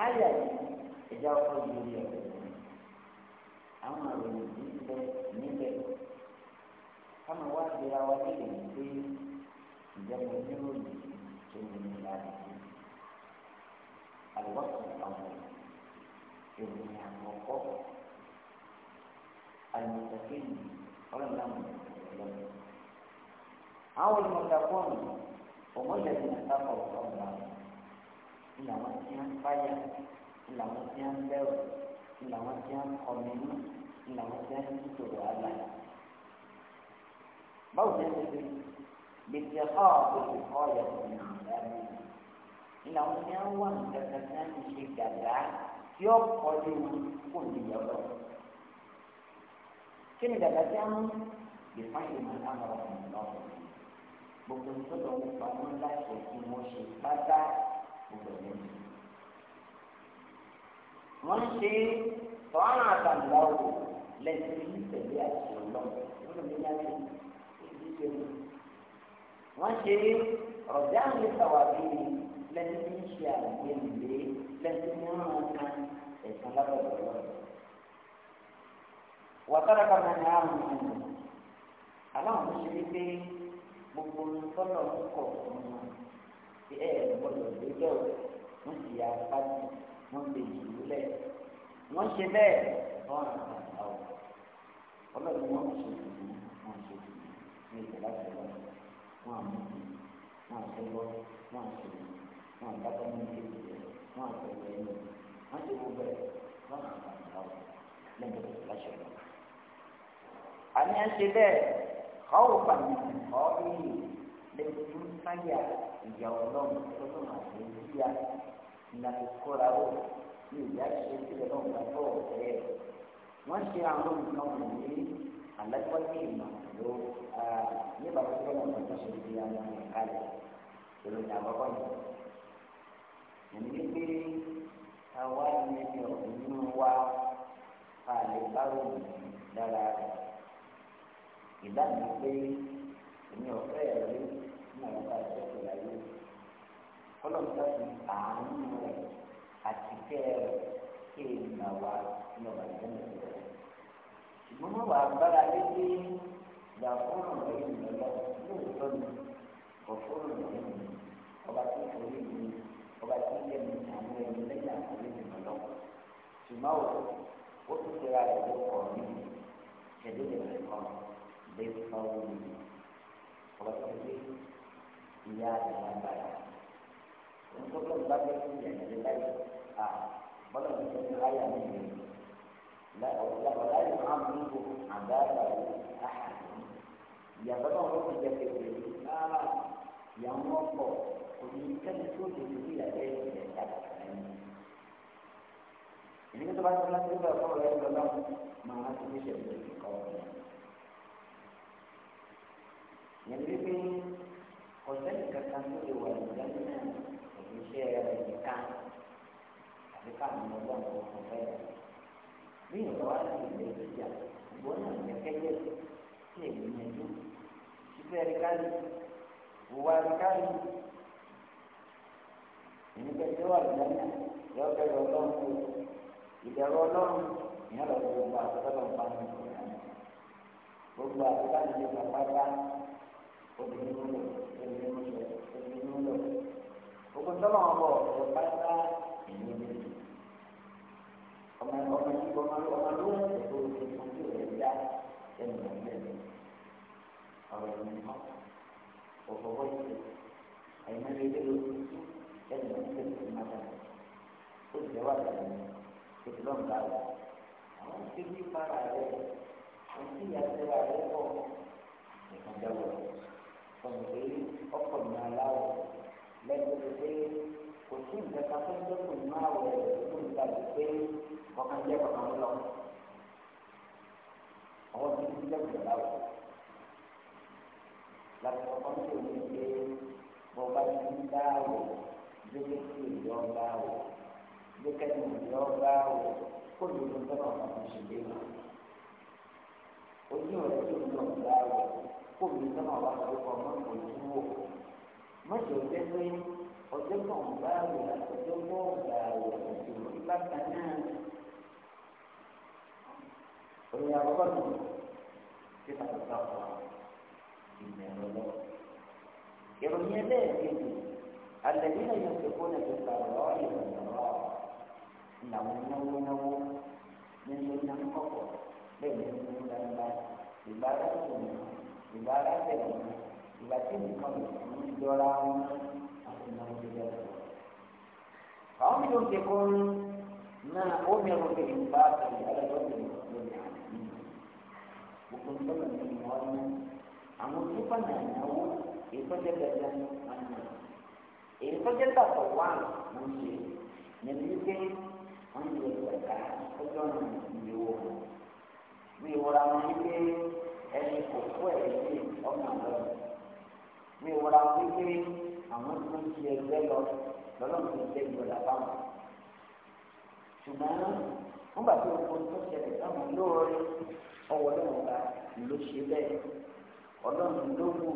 ààyè ẹ̀já ọkọ̀ yìí rẹ̀ àwọn àròyìn tí ń bẹ níbẹ̀ káwọn wá sí ara wa léèrè pé ìjọba oníròyìn tó ń bẹ láti ṣe àlùwọ́sàn àwọn ìròyìn àkọ́kọ́ àlùmọ̀tàkìnì ọlọ́run láwọn ọ̀lọ́. àwọn olùmọ̀tàkùnrin ọmọlẹ́yìn àtàkọ̀ ọ̀gá ni àwọn tí wọ́n fáyà ni àwọn tí wọ́n bẹ̀rù ni àwọn tí wọ́n kọ̀mínú ni àwọn tí wọ́n ti tòrò àlà. báwo ni ẹ ti fi gbèsè ọ̀ gbèsè ọ̀ yẹ kò ní àgbà mi ni àwọn wà ní kankan tí wọ́n ti ṣe gàdá tí ó kọ́ lé wọn kò ní yọ lọ kí ni dàgbà tí a mú ìfáyìn máa ń lọ fún un lọ́wọ́ gbogbo ìtọ́jọ́ nípa wọn láti fi wọn ṣe pátá gbogbo ẹ̀mí. wọ́n ń ṣe tọ́wọ́n àtàlọ́ lẹ́sìn ìtẹ̀lé àti ọlọ́run nínú mi láti ìdí ṣe mú. wọ́n ṣe ọ̀dà ń lè sọ̀wá bí lẹ́sìn ìṣe àgbélé lẹ́sìn mìíràn kan ẹ̀sán lábẹ́ ọ̀dọ́ rẹ̀ wàtara kama ní àrùn ìlú aláwọn ṣe ní pé gbogbo tọ́lọ̀ ń kọ̀ fún wọn tí ẹ gbọ́dọ̀ lójọ́ wọn sì yà pàtó wọn lè yìí lẹ̀ wọ́n ṣe bẹ́ẹ̀ lọ́rùn àgbà ọ̀ ọlọ́run wọn ṣe ìlú wọn ṣe ìlú ní ìjọba ìjọba wọn àmú ìlú wọn àṣẹ lọ wọn àṣẹ ìlú wọn àgbàdo ní ìlú rẹ wọn àṣẹ ìlú wọn ṣe gbogbo ẹ lọ́rùn àgbà ọ̀ lẹ́yìn ìjọba ìjọba àní ẹ ṣe bẹ́ẹ̀ ọ̀hún pàmì yìí lẹ́yìn tó ń sáyà ìyá ọlọ́run tó ló máa ṣe é yíyá ìlànà ìkóra ó ní ìyá ṣe é sílẹ̀ lọ́wọ́ gbàgbọ́ ọ̀fẹ́ wọ́n ṣe àwọn nǹkan wọ̀nyí alágbọ́dé ìmọ̀ ló nípa tó fẹ́ wọn tó ṣe di àwọn ìkàlẹ̀ ìròyìn àkọ́kọ́ yìí. ní pé àwa ni ẹni ọ̀gbìn nínú wa ìdáhùn ni pé èmi ọ̀fẹ́ rẹ̀ ní àwọn àṣẹ ìlà yìí ọlọ́run bá ti àánú rẹ̀ àti kẹ́ rẹ̀ kí èèyàn wá ní ọ̀bà ìdáhùn rẹ̀ ṣùgbọ́n wọ́n wà bára lé pé ìdàkúrò rẹ̀ yìí lọ lóòótọ́ ni òfúrò rẹ̀ yìí ọba tí kò rí mi ọba tí yẹ mi àwọn ẹni lẹ́yìn àkọlé mi lọ́wọ́ ṣùgbọ́n ó tún ṣe ra ẹ̀ lọ́kọ̀ọ́ mi ẹ̀dẹ́ lè rẹ̀ kọ́ mi. بالقول والتوفيق إياك والبلاء untuk berbagai yang lebih baik ah belum terkaya ini la la la yu'ammiru adabahu ahad ya belum terjadi ah yang mampu menginginkan itu tidak terjadi ini kita bahas lagi kalau yang dalam mengatasi sesuatu yẹn ní pé ọ̀sẹ́ni kankan tó lè wà nígbà náà èyí ṣe rẹ̀ nìka àti káàmù ọlọ́run ọ̀fẹ́ rẹ̀ bí ìrọ̀ wá sí ilé ìjà ìgbọ́n náà yẹ kẹ́kẹ́ sí èyí nìjú ṣíṣe rí káyọ̀ ìwà rí káyọ̀ ìníkẹ́ tó wà nígbà náà yọ bẹ̀rẹ̀ ọlọ́run tó ìdẹ̀rọ ọlọ́run ìyẹn lọ́ọ́ gbogbo àtọ́lọ́pàá nìkan gbogbo àtọ́lọ́pàá nìkan obìnrin ń wọ̀ obìnrin ń sọ obìnrin ń lọ. gbogbo sọ́nà ọkọ̀ ọ̀rọ̀ pátá ìlú mi. ọmọ ọmọ yìí ọmọ ọmọ ló ń sọ̀rọ̀ ojú rẹ̀ dá ẹnu ọ̀gbẹ́ mi. ọ̀rọ̀ ìlú mọ́ òfòfó yìí àyìnbá lè lé lórí ẹnu ọ̀gbẹ́ mi má dà. ó ti wá dà ní ìlọ́ǹkà rẹ̀ àwọn tí ó ní para rẹ̀ àti ìyàtọ̀ rẹ̀ pọ̀ 你看见我。ọ̀gbẹ́ ọkọ̀ ní aláwọ̀ lẹ́yìn tó pé kò sí ìjọba tó ń dẹ́kun ní àwọ̀ tó ń gbàgbé pé ọkàn jẹ́ ọkàn lọ. àwọn tó ń dẹ́kun láwọ̀ láti ọkọ̀ tó ń gbé bọ́ bá ti ń dá àwọ̀ lókè tí ìlú ọba àwọ̀ lókè tí ìlú ọba àwọ̀ kó ló ń tọ́nà ọ̀nà tó ṣe dé wọn. ojú ọ̀rẹ́ tó ń lọ kó mi sọ́nà ọba àgbàdo kan mọ́ ìwòjú wò mọ́tò ọjọ́ pé ọjọ́ kan bá rè ọjọ́ kan gbà rè ìṣòro bákan náà òyìn àkọ́kọ́ nù tí bàtà bá wà ìmẹ̀rọ lọ. ìròyìn ẹlẹ́ẹ̀kejì alẹ́ nílẹ̀ yóò ṣe kó nàìjíríà sàrọ̀ ìrànlọ́wọ́ làwọn náwó náwó nínú náà kọ̀kọ̀ bẹ́ẹ̀ ni wọ́n ń gbàgbà ìgbàlódé nìkan ìgbà alábẹ̀rẹ̀ ìgbà tí nìkan ń jọra wọn àti náà ń jẹ فهم لم تكن ما أمروا بإنفاق على الوجه المسلم العالمين وكن سبب من موانا àmọ́ nípa náà náwó ìtọ́jẹ́ dandan wọn náà èyí tó jẹ́ tàbí wà ló ń ṣe níbi wípé wọ́n ń lo ẹ̀ka ọjọ́ náà ìyẹ̀wò mi ìwòra wọn wípé ẹni kò fún ẹ̀ sí ọmọ lọ. mi ò ra wípé àwọn tó ń ṣe ẹgbẹ́ lọ lọ́nà tó ń tẹ́lẹ̀ ọ̀dà báwọn. ṣùgbọ́n nígbà tí o kò tó ṣẹlẹ̀ sáwọn lóore ọwọ́ lọ́wọ́ ọba ló ṣe bẹ́ẹ̀ ọlọ́run ló wù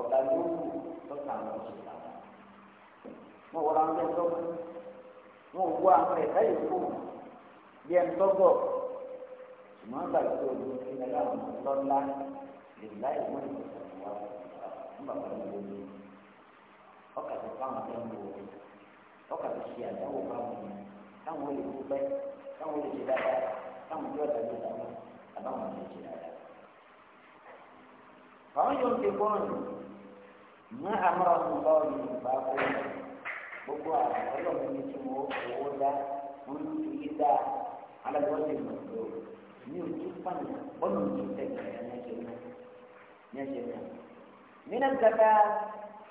ọba ló wù lọ́sàn án lọ́sẹ̀ làwọn. wọ́n wọ́n ra ń bẹ́ẹ̀ tọ́kù wọ́n wú àwọn ẹ̀dá yòókù bí ẹni tọ́gbọ̀ máa gbàgbé ojú ìpínlẹ̀ àwọn lọ́lá lè láì mọ́ ìgbésẹ̀ wá fún bàbá mi lórí ọkà tó fáwọn tó ń wò ọkà tó ṣe àdáwò báwọn yẹn táwọn olè tó pẹ́ táwọn olè ṣe dáadáa táwọn ojú ọ̀dà ló dáná àbáwọn olè ṣe dáadáa. àwọn yóò ti bọ́ọ̀lù ní àmọ́ ọ̀sán bọ́ọ̀lù ìgbà owó gbogbo àwọn ọlọ́run ní tí wọ́n owó dá wọ́n ti yí dá alágbọ́n ti mọ̀ lórí ní ojú fàlẹ̀ ọ̀nà ojú tẹ̀gbà yà ní ẹ̀jẹ̀ náà ní ẹ̀jẹ̀ náà. mìíràn gbàgbà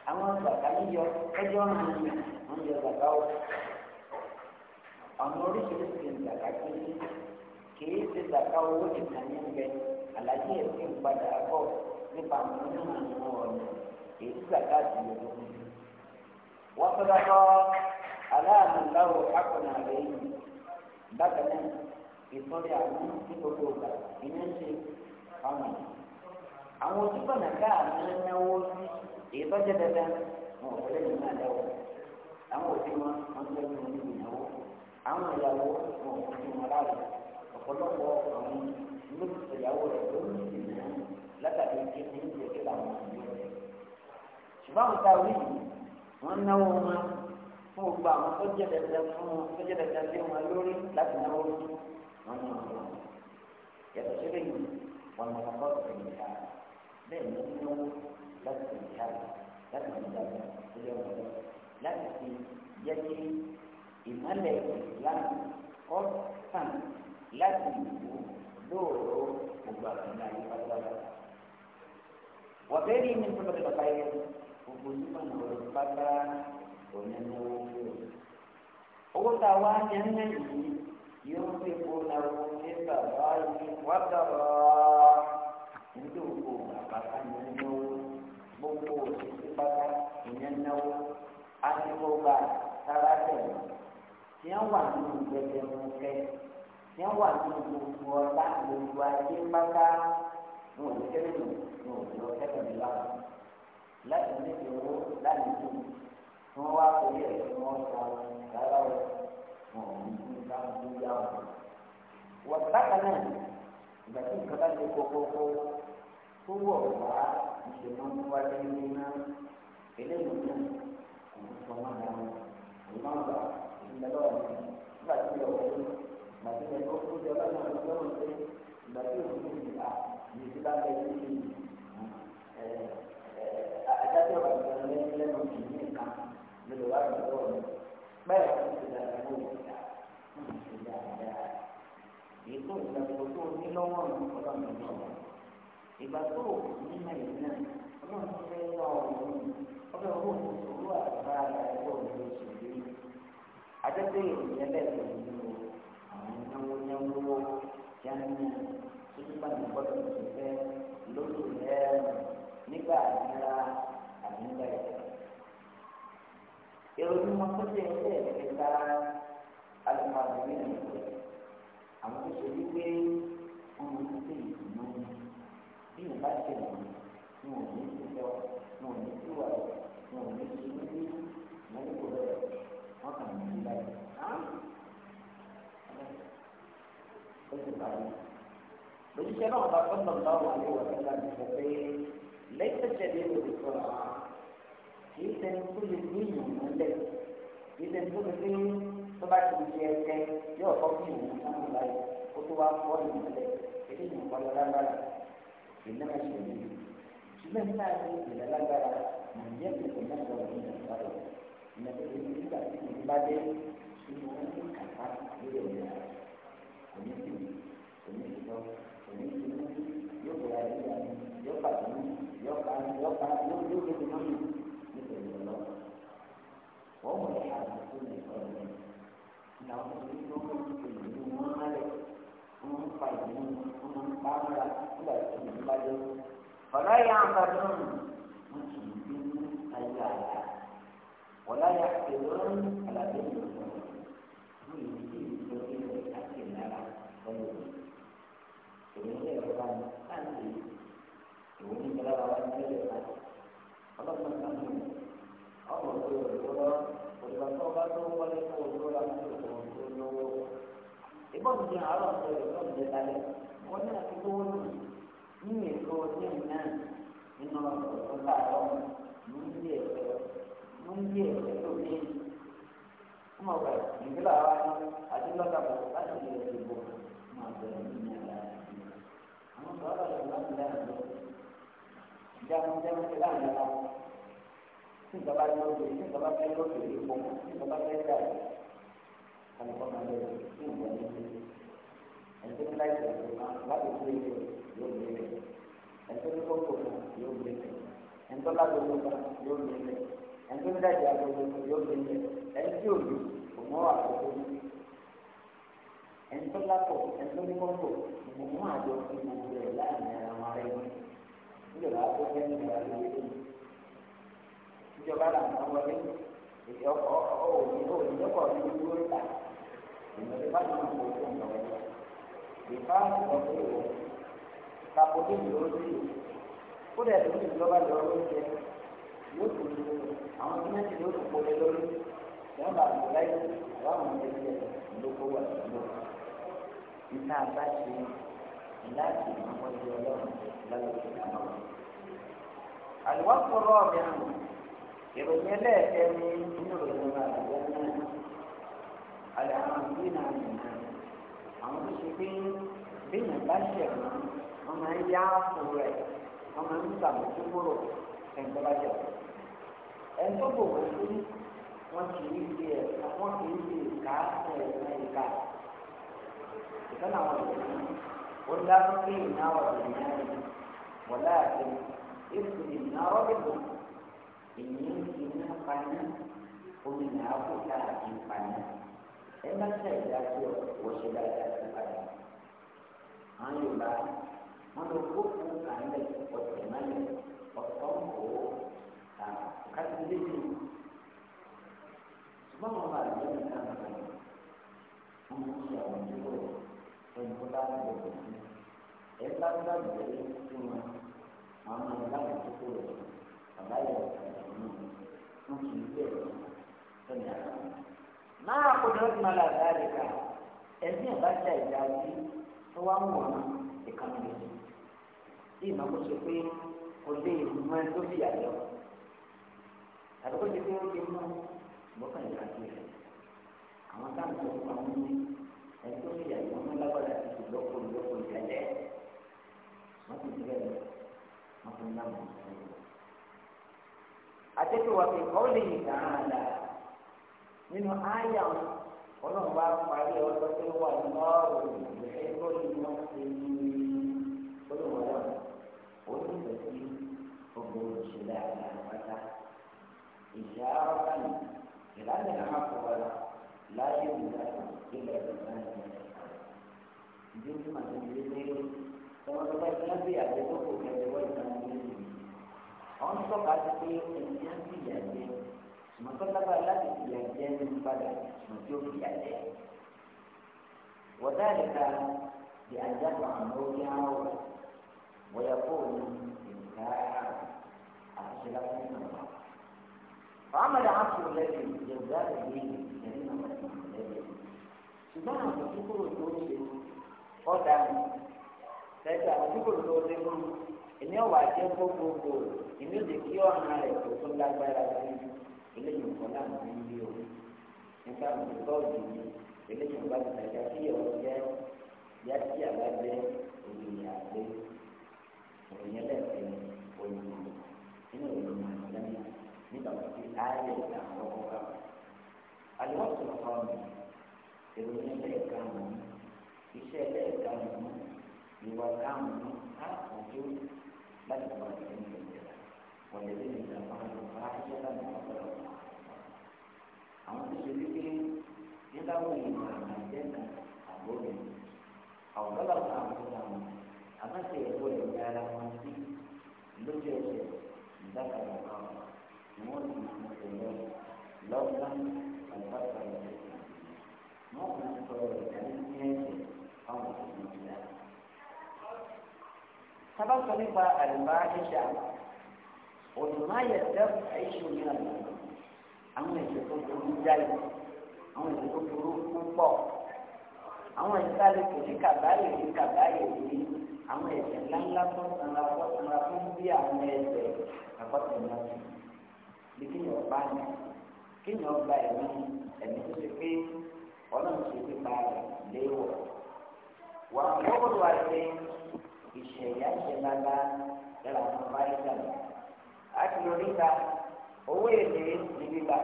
àwọn gbàgbà yíyọ ẹjọ́ ọ̀nà yìí wọ́n yọ gbàgbà ó. ọ̀nà oríṣiríṣi gbàgbà kiri kìí ṣe gbàgbà owó nìkan ní ẹgbẹ́ àlàyé ẹ̀sìn ìpadà bọ̀ nípa àwọn onímọ̀ ọ̀nà èyí gbàgbà àtìlẹ̀ lókun. wọ́n sọ dákọ́ aláàmì láwọ̀ ìtọ́jú àánú ní gbogbo ọgbà iná ṣe ọmọ yìí. àwọn ojúbọ̀nà káàmì náwó sí ìtọ́jú dandan wọn ò fẹ́lẹ́ nínú àdáwọ̀ àwọn òbí wọn wọn ń tẹ́lẹ̀ nínú ìnáwó àwọn ìyàwó wọn ò fún wọn láàyè ọ̀pọ̀lọpọ̀ ọkùnrin ló ti ṣèyàwó rẹ̀ ló ń sì ná látàrí kí ní ìjẹ́ kí làwọn ìlú rẹ̀. ṣùgbọ́n àwọn táwọn yìí wọ́n náwó wọn fún gbogbo wọn ní ọjọ́ yàtọ̀ sílẹ̀ yìí wọn ní ọkọ ìrìn ká bẹ́ẹ̀ ní wọn lọ láti ìrìn ká láti ìrìn ká ilé ọjọ́ láti fi jẹ kí ìmọ́lẹ̀ ìlànà kọ sàn láti ìlú lóòrò gbogbo àgbẹ̀nà ayélujára wọ́n bẹ́ẹ̀ ní ìmọ̀ ìfọ̀lọ́dẹ̀ bàbá yẹn gbogbo onímọ̀ ìrọ̀lẹ́ bàbá onínú owó tá a wá ní ẹ̀ ń yìí. ينفقونه للبراء والضراء ندوكو بابا ننو بوكو سيبابا ننو أنفقا سراتين tiɲɛ wà nínú gbẹdẹmukẹ tiɲɛ wà nínú gbogbo ọlá gbogbo ayé pátá ní òbí kẹlẹ nù ní òbí ọkẹlẹ mi lára láti ní ìdíwọ́ láti dùn tí wọn wá pẹ̀lú ẹ tí wọn sọ rárá o wàtàkà náà ìgbà tí nǹkan bá lè kókókó tó wọ̀ wá ìṣẹ̀mọ́ tó wá lé ní iná eléyìí náà kò ní sọ wọn dáná ìmọ̀ ọ̀gá ìdílé ọ̀gá nígbà tí ọ̀gá yìí ìgbà tí ẹ̀kọ́ tó jẹ ọlọ́run náà ló lọ́rùn pé ìgbà tí òun ní ìgbà ní ti bá bẹ́ẹ̀ sí i adájọ́ ọ̀gá báyọ̀ kò sì dára ló ń ta dáadáa èyí tó ìgbàgbọ́ tó ní lọ́wọ́ ọlọ́run náà ìgbà tó nímọ̀ yìí náà ọlọ́run tó fẹ́ wá ọ̀run ọbẹ̀ owó tó sòrò àgbà ẹgbẹ́ òun ló sì rí adẹ́gbẹ́ ìròyìn ẹlẹ́gbẹ́ nínú àwọn náwó náwó jáde tó ti bá nígbàdàn tó fẹ́ nígbà àdúrà àdúgbà ìjọba ìròyìn wọn tó ṣe ẹsẹ̀ ẹ̀ka alùpàdé ní ìlú àwọn tó ṣe wípé wọn máa ń ṣe ìdùnnú bí wọn bá ṣe wọn wọn ò ní sí lọ wọn ò ní sí wà lọ wọn ò ní sí níbí wọn kò lọ wọn kàn ní ìlú báyìí ó sì parí lójúṣe náà bá tọ́lọ̀ bá wà ní wàhálà nípa pé lẹ́yìn tẹ̀sẹ̀ ní ìlú ìfọ̀rọ̀ àwọn kì í ṣẹni tó lè ní ìyàn mọ́lẹ̀ kì í ṣẹni tó lè pé tó bá ti di ẹsẹ̀ yóò kọ́ bí ìwọ̀n sáwọn báyìí kó tó wá fọ́ ìyàn mọ́lẹ̀ èdè ìyàn kọ́ lọ lágbára ìlú náà ṣe ní ṣùgbọ́n nígbà tí ìlú lágbára nàìjíríà ti kò náà sọ̀rọ̀ ní ìjọba rẹ̀ ìnáwó ìlú nígbà tí ìlú bá dé ìlú wọn ní kàtà lórí ọ̀rẹ́ rẹ̀ kò ní sí kò ní sí lọ kò ní sí yóò kó pẹ̀lú ọlọ́run wọ́n mọ̀ ní àwọn tó lè sọ ọ́ ní àwọn tó lè lọ́wọ́ pẹ̀lú ìlú wọn lálẹ́ wọn ń fa ìlú wọn ń bá mọ́ra nígbà tí wọ́n bá yọ. ọ̀la yà ń bá dùn ún kì í ayé àyà ọ̀la yà pẹ̀lú àlàyé ìlú wọn ní ìlú tí ìlú tó ń bẹ̀rẹ̀ láti ìlara ọ̀lọ́ ìlú ní ẹ̀rọ bá láti ìlú ní ìlú lára wá ní ìgbà tó o bá tó ń wọlé kó o tó ra ní òkòwò tó lówó. ìbọn mi àárọ̀ sọ ìbọn mi dalẹ̀ wọ́n ní àti tó wọ́n ní ní èso ní ìná nínú ọ̀sán láàárọ̀ mú ní ẹ̀fẹ́ mú ní ẹ̀fẹ́ tó ní ọmọ ọgbà ìgbélà wa ni àti lọ́dàbọ̀ láti lè dìbò máa bẹ̀rẹ̀ ní ìyá àwọn sọ̀rọ̀ lọ́dàbọ̀ láti lè dìbò jákèjádò láàárín ara wọn tí bàbá yẹn lọ́dọ̀ tí bàbá yẹn lọ́dọ̀ yìí pọ̀ tí bàbá yẹn dà yìí alùpùpù máa lọ sí ìgbà yẹn ẹ̀jẹ̀ ńlá ìgbàgbọ́ máa láti tó ilé yóò lé lẹ̀ ẹ̀jẹ̀ ńlá ìgbàgbọ́ máa yóò lé lẹ̀ ẹ̀jẹ̀ ńlá ìgbàgbọ́ máa yóò lé lẹ̀ ẹ̀jẹ̀ ńlá ìgbàgbọ́ máa yóò lé lẹ̀ ẹ̀jẹ̀ òbí òmùọ́ àgbẹ̀wò ẹ̀jẹ̀ ńlá pọ̀ ẹ̀jẹ̀ onígbọ̀gbọ̀ òmùọ́ àgbẹ̀wò ìgbàgbọ́ láàrin ara wọn ìjọba làwọn wọlé ìjọkọ òní òníjọkọ ní dúró ta ìmọ̀lẹ́ bá ti mọ̀ owó ń lọ́wọ́ yẹn ìfá ìwọ̀n pé wọ́n kakó ní ìlú orí yìí kó dẹ̀ lórí ìjọba lọ lóúnjẹ yóò tún lu àwọn sìmẹ́ntì yóò tún kólé lórí ìwọ̀n bá lù láyé àwọn àwọn ọmọdé yẹn lóko wà lọ níta bá ti láti àwọn ọmọdé ọlọ́run lálẹ́ òkè àwọn àlùwà kọ́rọ́ ọ̀bẹ àwọn ìròyìn ẹlẹ́ẹ̀kẹ́ ní inú ìròyìn àgbẹ̀ náà àlẹ́ àwọn ìlú náà nìyẹn àwọn tó ṣe pé bíyàn bá ṣẹ̀ wọ́n wọ́n máa ń yá àpò rẹ̀ wọ́n máa ń sàmójú kúrò ẹ̀ńtọ́ bá jẹ̀ ẹ̀ńtọ́ bò wọ́n sí wọ́n kì í di ẹ̀ka wọ́n kì í di ìka ẹ̀ka ìka ìkan àwọn ìròyìn ó dá sí ìnáwó ìròyìn náà wọ́n láàbẹ̀ ìfúnni ìnáwó ìròyìn èyí ń fi iná paná omi náà kó káàkiri paná ẹ má ṣe ìdájọ́ wọṣẹ dáadáa sí padà àwọn yorùbá wọn lọ kó fún kàńdẹ ọ̀tẹ̀ mẹlẹ ọ̀tọ̀ kó kásìlẹ́yìn ṣùgbọ́n wọn bá lọ ní kàńdẹ wọn mú sí àwọn ìdúró ẹni tó bá ń bọ̀ sí ẹ bá gbàgbé fún wọn àwọn ọmọ ìlànà tó kúrò àbáyọ ọ̀tẹ̀ máa kó ní ọdún mọ́lá àgbáyé ká ẹ̀sìn ìbáṣà ìjà sí tó wá ń wọ̀ ná ìkànnì lòdì bí ìmọ̀ kó ṣe pé kò lè mú ẹ tó fìyà lọ tàbí kó ṣe pé ó ti mú ìbọ́kàn ìjà sí rẹ̀ àwọn táwọn tó ń pa ní ẹ tó fìyà lọ wọn lágbára ti ti lọ́kọ̀ lọ́kọ̀ ìjà jẹ́ wọ́n ti bẹ̀rẹ̀ wọ́n ti ń dáhùn ìjà jẹ́ àtẹ́tí wà fi kọ́ lè dáadáa nínú àyà ọlọ́run bá parí ọjọ́ tó wà lọ́rùn ìgbẹ́ tó ní wọ́n ṣe ní olùwọ́lá onígbà tí gbogbo òṣèlú àgbàpátá ìṣe arábá ni ìlànà àmàkọ́wọ́lá láyé ìdájọ́ ilẹ̀ ìdájọ́ ìdí tí màá ti lé lé tọmọdé bá ti lábẹ́ àgbẹ̀ tó kò kẹ́lẹ́ wọ́n ìdájọ́ àwọn tó tọ́ka ti pé ènìyàn ń fìyà jẹ ṣùgbọ́n tó lágbára láti fìyà jẹ nínú padà ṣùgbọ́n tí ó fìyà jẹ. وذلك بأجمع موجعه ويكون إنكار أخشلة منه فعمل عبد الذي يزال به كلمة الذي سبحانه وتعالى يقول قدام فإذا يقول له èmi ò wá jẹ́ gbogbogbò èmi ò lè kí ọ̀nà rẹ̀ tó tó lágbára sí eléyìí nǹkan náà ní ilé o nígbà mi bọ́ọ̀lù mi eléyìí nǹkan náà yá sí ọ̀rọ̀ jẹ́ yá sí àlájẹ́ òyìnbó àgbẹ̀ òyìnbó lẹ́sẹ̀ òyìnbó nínú òyìnbó àgbẹ̀ nígbà tó ti láàyè ìlànà ọkọ̀ kan. àlùwọ̀sùn ọkọ mi ìròyìn ẹlẹ́ẹ̀ka mọ̀ iṣẹ́ ẹlẹ́ẹ̀ka mọ̀ ìwà ká mọ̀ á kàn tó láti máa fi ní ìjọba wọ́n lè ní ìjọba máa ń ṣiṣẹ́ láti máa bọ̀rọ̀ àwọn tó ṣe wípé nígbà wo ìgbà àjẹ́ náà àbórí àwùjọ làwọn àwọn tó ta wọn àbáṣe ẹ̀kọ́ ìgbà ara wọn sí lójú ẹsẹ̀ ìdákàrà sábà sọ nípa àlùmá ṣíṣà òdùnmá yẹ dẹ́kun àìṣe òmìnira nù àwọn ẹ̀ṣẹ̀ tó burú jáì àwọn ẹ̀ṣẹ̀ tó burú púpọ̀ àwọn ẹ̀ṣẹ̀ tá a lè pè ní kàbáyé ní kàbáyé yìí àwọn ẹ̀ṣẹ̀ ńláńlá tó ń sanra tó ń sanra tó ń bí àwọn ẹ̀ṣẹ̀ àkọ́tà ńlá sí i kí ni ọba ni kí ni ọba ẹ̀mí ẹ̀mí tó ṣe pé ọlọ́run ṣe pípa rẹ̀ léwọ̀ wà á lọ́wọ́ lọ́wọ́ àti ìṣẹ̀yà ìṣẹ̀lára lára àwọn ọba ìsàmì láti lórí ta owó èlé ní gbígbà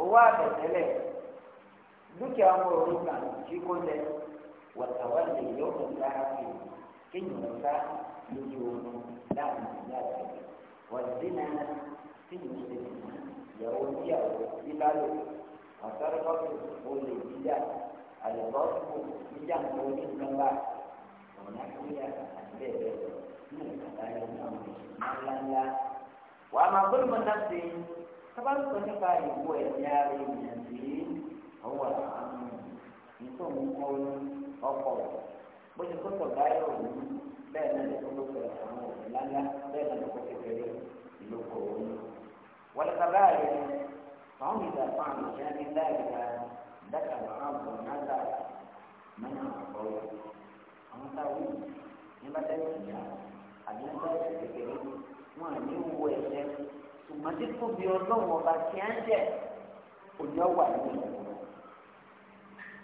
owó àbẹ̀tẹ́lẹ̀ dúkìá ọmọ òrùka tí kò lẹ wàtàwálé yóò fún sára fi kéèyàn sá lójú oorun láàrin ìyá rẹ wàdínà tí mo ṣe ìyàwó níyàwó nílálò ọ̀sáré kọ́tù olè jíjà àlùbọ́sùkù jíjà nǹkan onígbọ̀nba ọ̀nà kíyà àti bẹ́ẹ̀ bẹ́ẹ̀ lọ ní ìgbàlá yẹn ní àwọn ìṣẹ̀lẹ̀ ńláńlá. wàá máa gbọ́dọ̀ mọ̀ náà sí sábà ń sọ nípa ìwọ ẹ̀yà rẹ̀ ìyàn sí ọwọ́ àmì nítorí wọn ọkọ̀ bó ti kó sọ̀gá yọ̀ òun bẹ́ẹ̀ náà lè kó lóko àwọn òun ńláńlá bẹ́ẹ̀ náà lè kó kékeré ìlóko òun. wọ́n sábà yẹ fáwọn ìgbà fáwọn ìṣẹ́ ní àwọn táwọn nígbà tá ìyá àbí nígbà tá kékeré wọn à ní wo ẹ̀jẹ̀ ṣùgbọ́n tí kò bí ọlọ́run ọba kí á jẹ́ òjò wà ní ìlú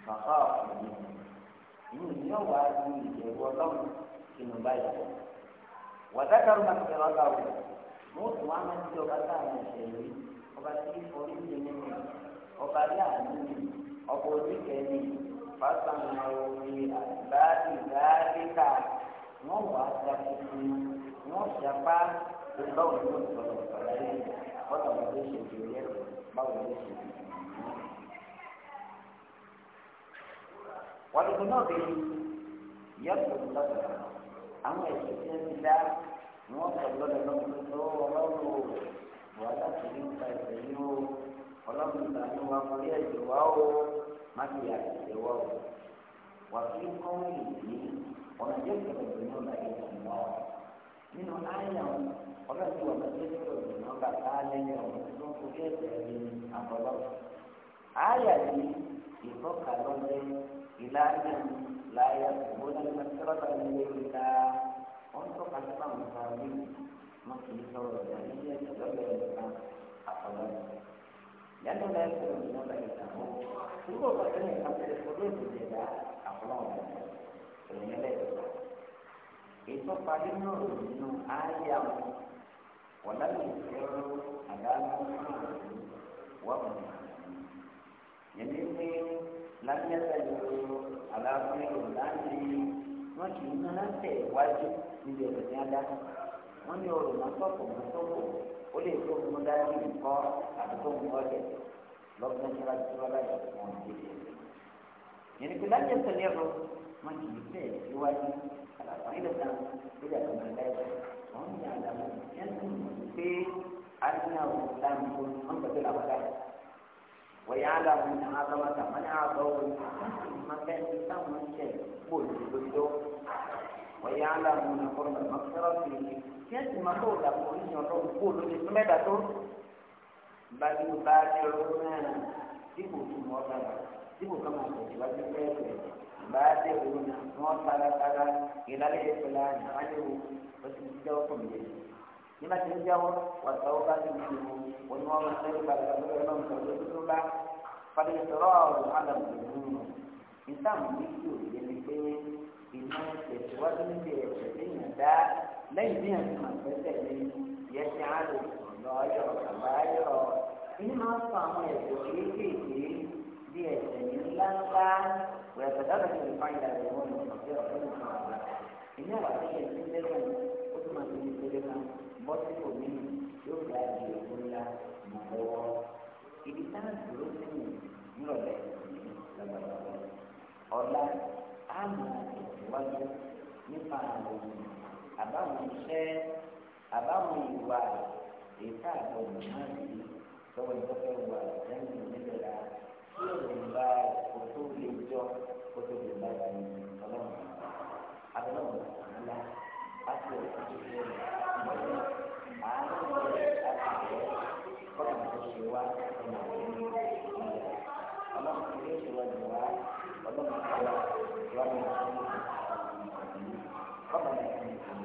bàbá òní inú ìyá wà ní ìjẹ̀rù ọlọ́run kí ló bá yẹ wàdákàrú máa ń tẹ̀lé ọ̀gá wò tún wá máa ń tẹ̀lé ọ̀gá táwọn ẹ̀ṣẹ̀ yìí ọba tí forí ń tẹ̀lé ọba yáà ní ọba oníkẹ́ni fásánà omi àgbáàdì dáríkà wọ́n wà á sàkóso wọ́n ṣàpá báwo ni wọ́n sọ̀rọ̀ sọ̀rọ̀ yìí bọ́dọ̀ wọn ló ṣe jù yẹ báwo ló ṣe jù yẹ. wàlúùkù náà bẹ yẹ kó lọ́dọ̀ àwọn ẹ̀sìn tí wọ́n ti dá wọ́n sọ lọ́dọ̀ lọ́dọ̀ tó ọlọ́run o wàhálà tó ní ìta o ọlọ́run ìgbà ni wọ́n á mọ ilé o mati ya sewa wakikomi wanajeza kunyumba ikiwa nino aya wakati wanajeza kunyumba pale wanakujeza ni ambalo aya ni ikoka lote ilanya la yakubuna masrata ilaika onto kasama msawi maki soro ya ile ndio ndio afadhali لأنه لا يمكن أن يكون إنسانه يقول أن يقدر الحدود بالله أخلاق الملائكة يتوقع منه أنه آية ولم يسر على محمد ومن يعني لم يزلوا على خير الأمر وكأنها تواجه من يوم wọ́n ní ọ̀rọ̀ mọ́tòkò mọ́tòkò ó lè tó mú dání nǹkan àti tó mú ọ̀jẹ̀ lọ́gbọ́n tí wọ́n ti wá láyé wọn ti lè lè. yẹn ni pé láti ẹsẹ̀ to fun oje logbon wọn kì í yen ni pe yà ese ero won àlàfo ilẹ̀ kan lórí àtúntò láyé wọn ní àdàmú yẹn tó mú pé àdínáwó láàmú wọn gbàgbé làwọn láyé. ويعلم أن عظمة من أعطوه ثم كان àdàmú ní أن قرب المغفرة kí ẹ sì máa bọ̀ dàpọ̀ oríṣi ọlọ́run kó ló lè fún mẹ́ta tó bá bí bá dé ọ̀rọ̀ náà dípò tó mọ́ dára dípò ká máa tẹ̀síwájú pẹ́ẹ́pẹ́ bá dé ọ̀rọ̀ náà wọ́n taratara ìlàlẹ́ ìpìlẹ̀ àyẹ̀wò oṣù tí jẹ́wọ́ fún mi nígbà tí ó jáwọ́ wàtá ó bá ti mú mi wọn ni wọ́n máa tẹ́lẹ̀ padà lọ́wọ́ náà nǹkan tó tó bá padà lẹ́yìn bí àti màtẹ́tẹ̀ ni yẹ ti á lò lọ́yọ̀ àbáyọ̀ ìní máa ń fa àwọn ẹ̀sẹ̀ kéékèèké bí ẹ̀sẹ̀ ní ńláńlá wẹ̀ẹ̀sẹ̀ dábàá ti fa ìlà rẹ̀ wọ́n lọ sí ọ̀sẹ̀ ní kan àgbà ìní àwọn àtẹ̀yẹ ti lẹ́gàn ó tún máa ti ní pẹ̀lẹ́ kan bọ́ sí kò ní yóò gba ìdí òkú ńlá mọ̀ lọ́wọ́ ibi táwọn ìdúró sí mi nírọ̀lẹ́ ọ̀la á mọ̀ ìwájú nípa àwọn ènìyàn àbáwọn iṣẹ́ àbáwọn ìwà ètò àgbọ̀ mìíràn yìí lọ́wọ́ ìtọ́fẹ́ wà lẹ́yìn onídẹ̀ra tí òun bá kó tó lè jọ kó tó lè bá ti ọlọ́run abẹ́lọ́run àgbà láti ọ̀sán tó ṣe é lọ́wọ́ àárín ìṣẹ̀lẹ̀ láti ṣe kọ́nà tó ṣe wá ọ̀nà ọlọ́run tó lè ṣe wọ́n wá ọlọ́run tó wá wọ́n mú un kọ́nà tó ṣe wá.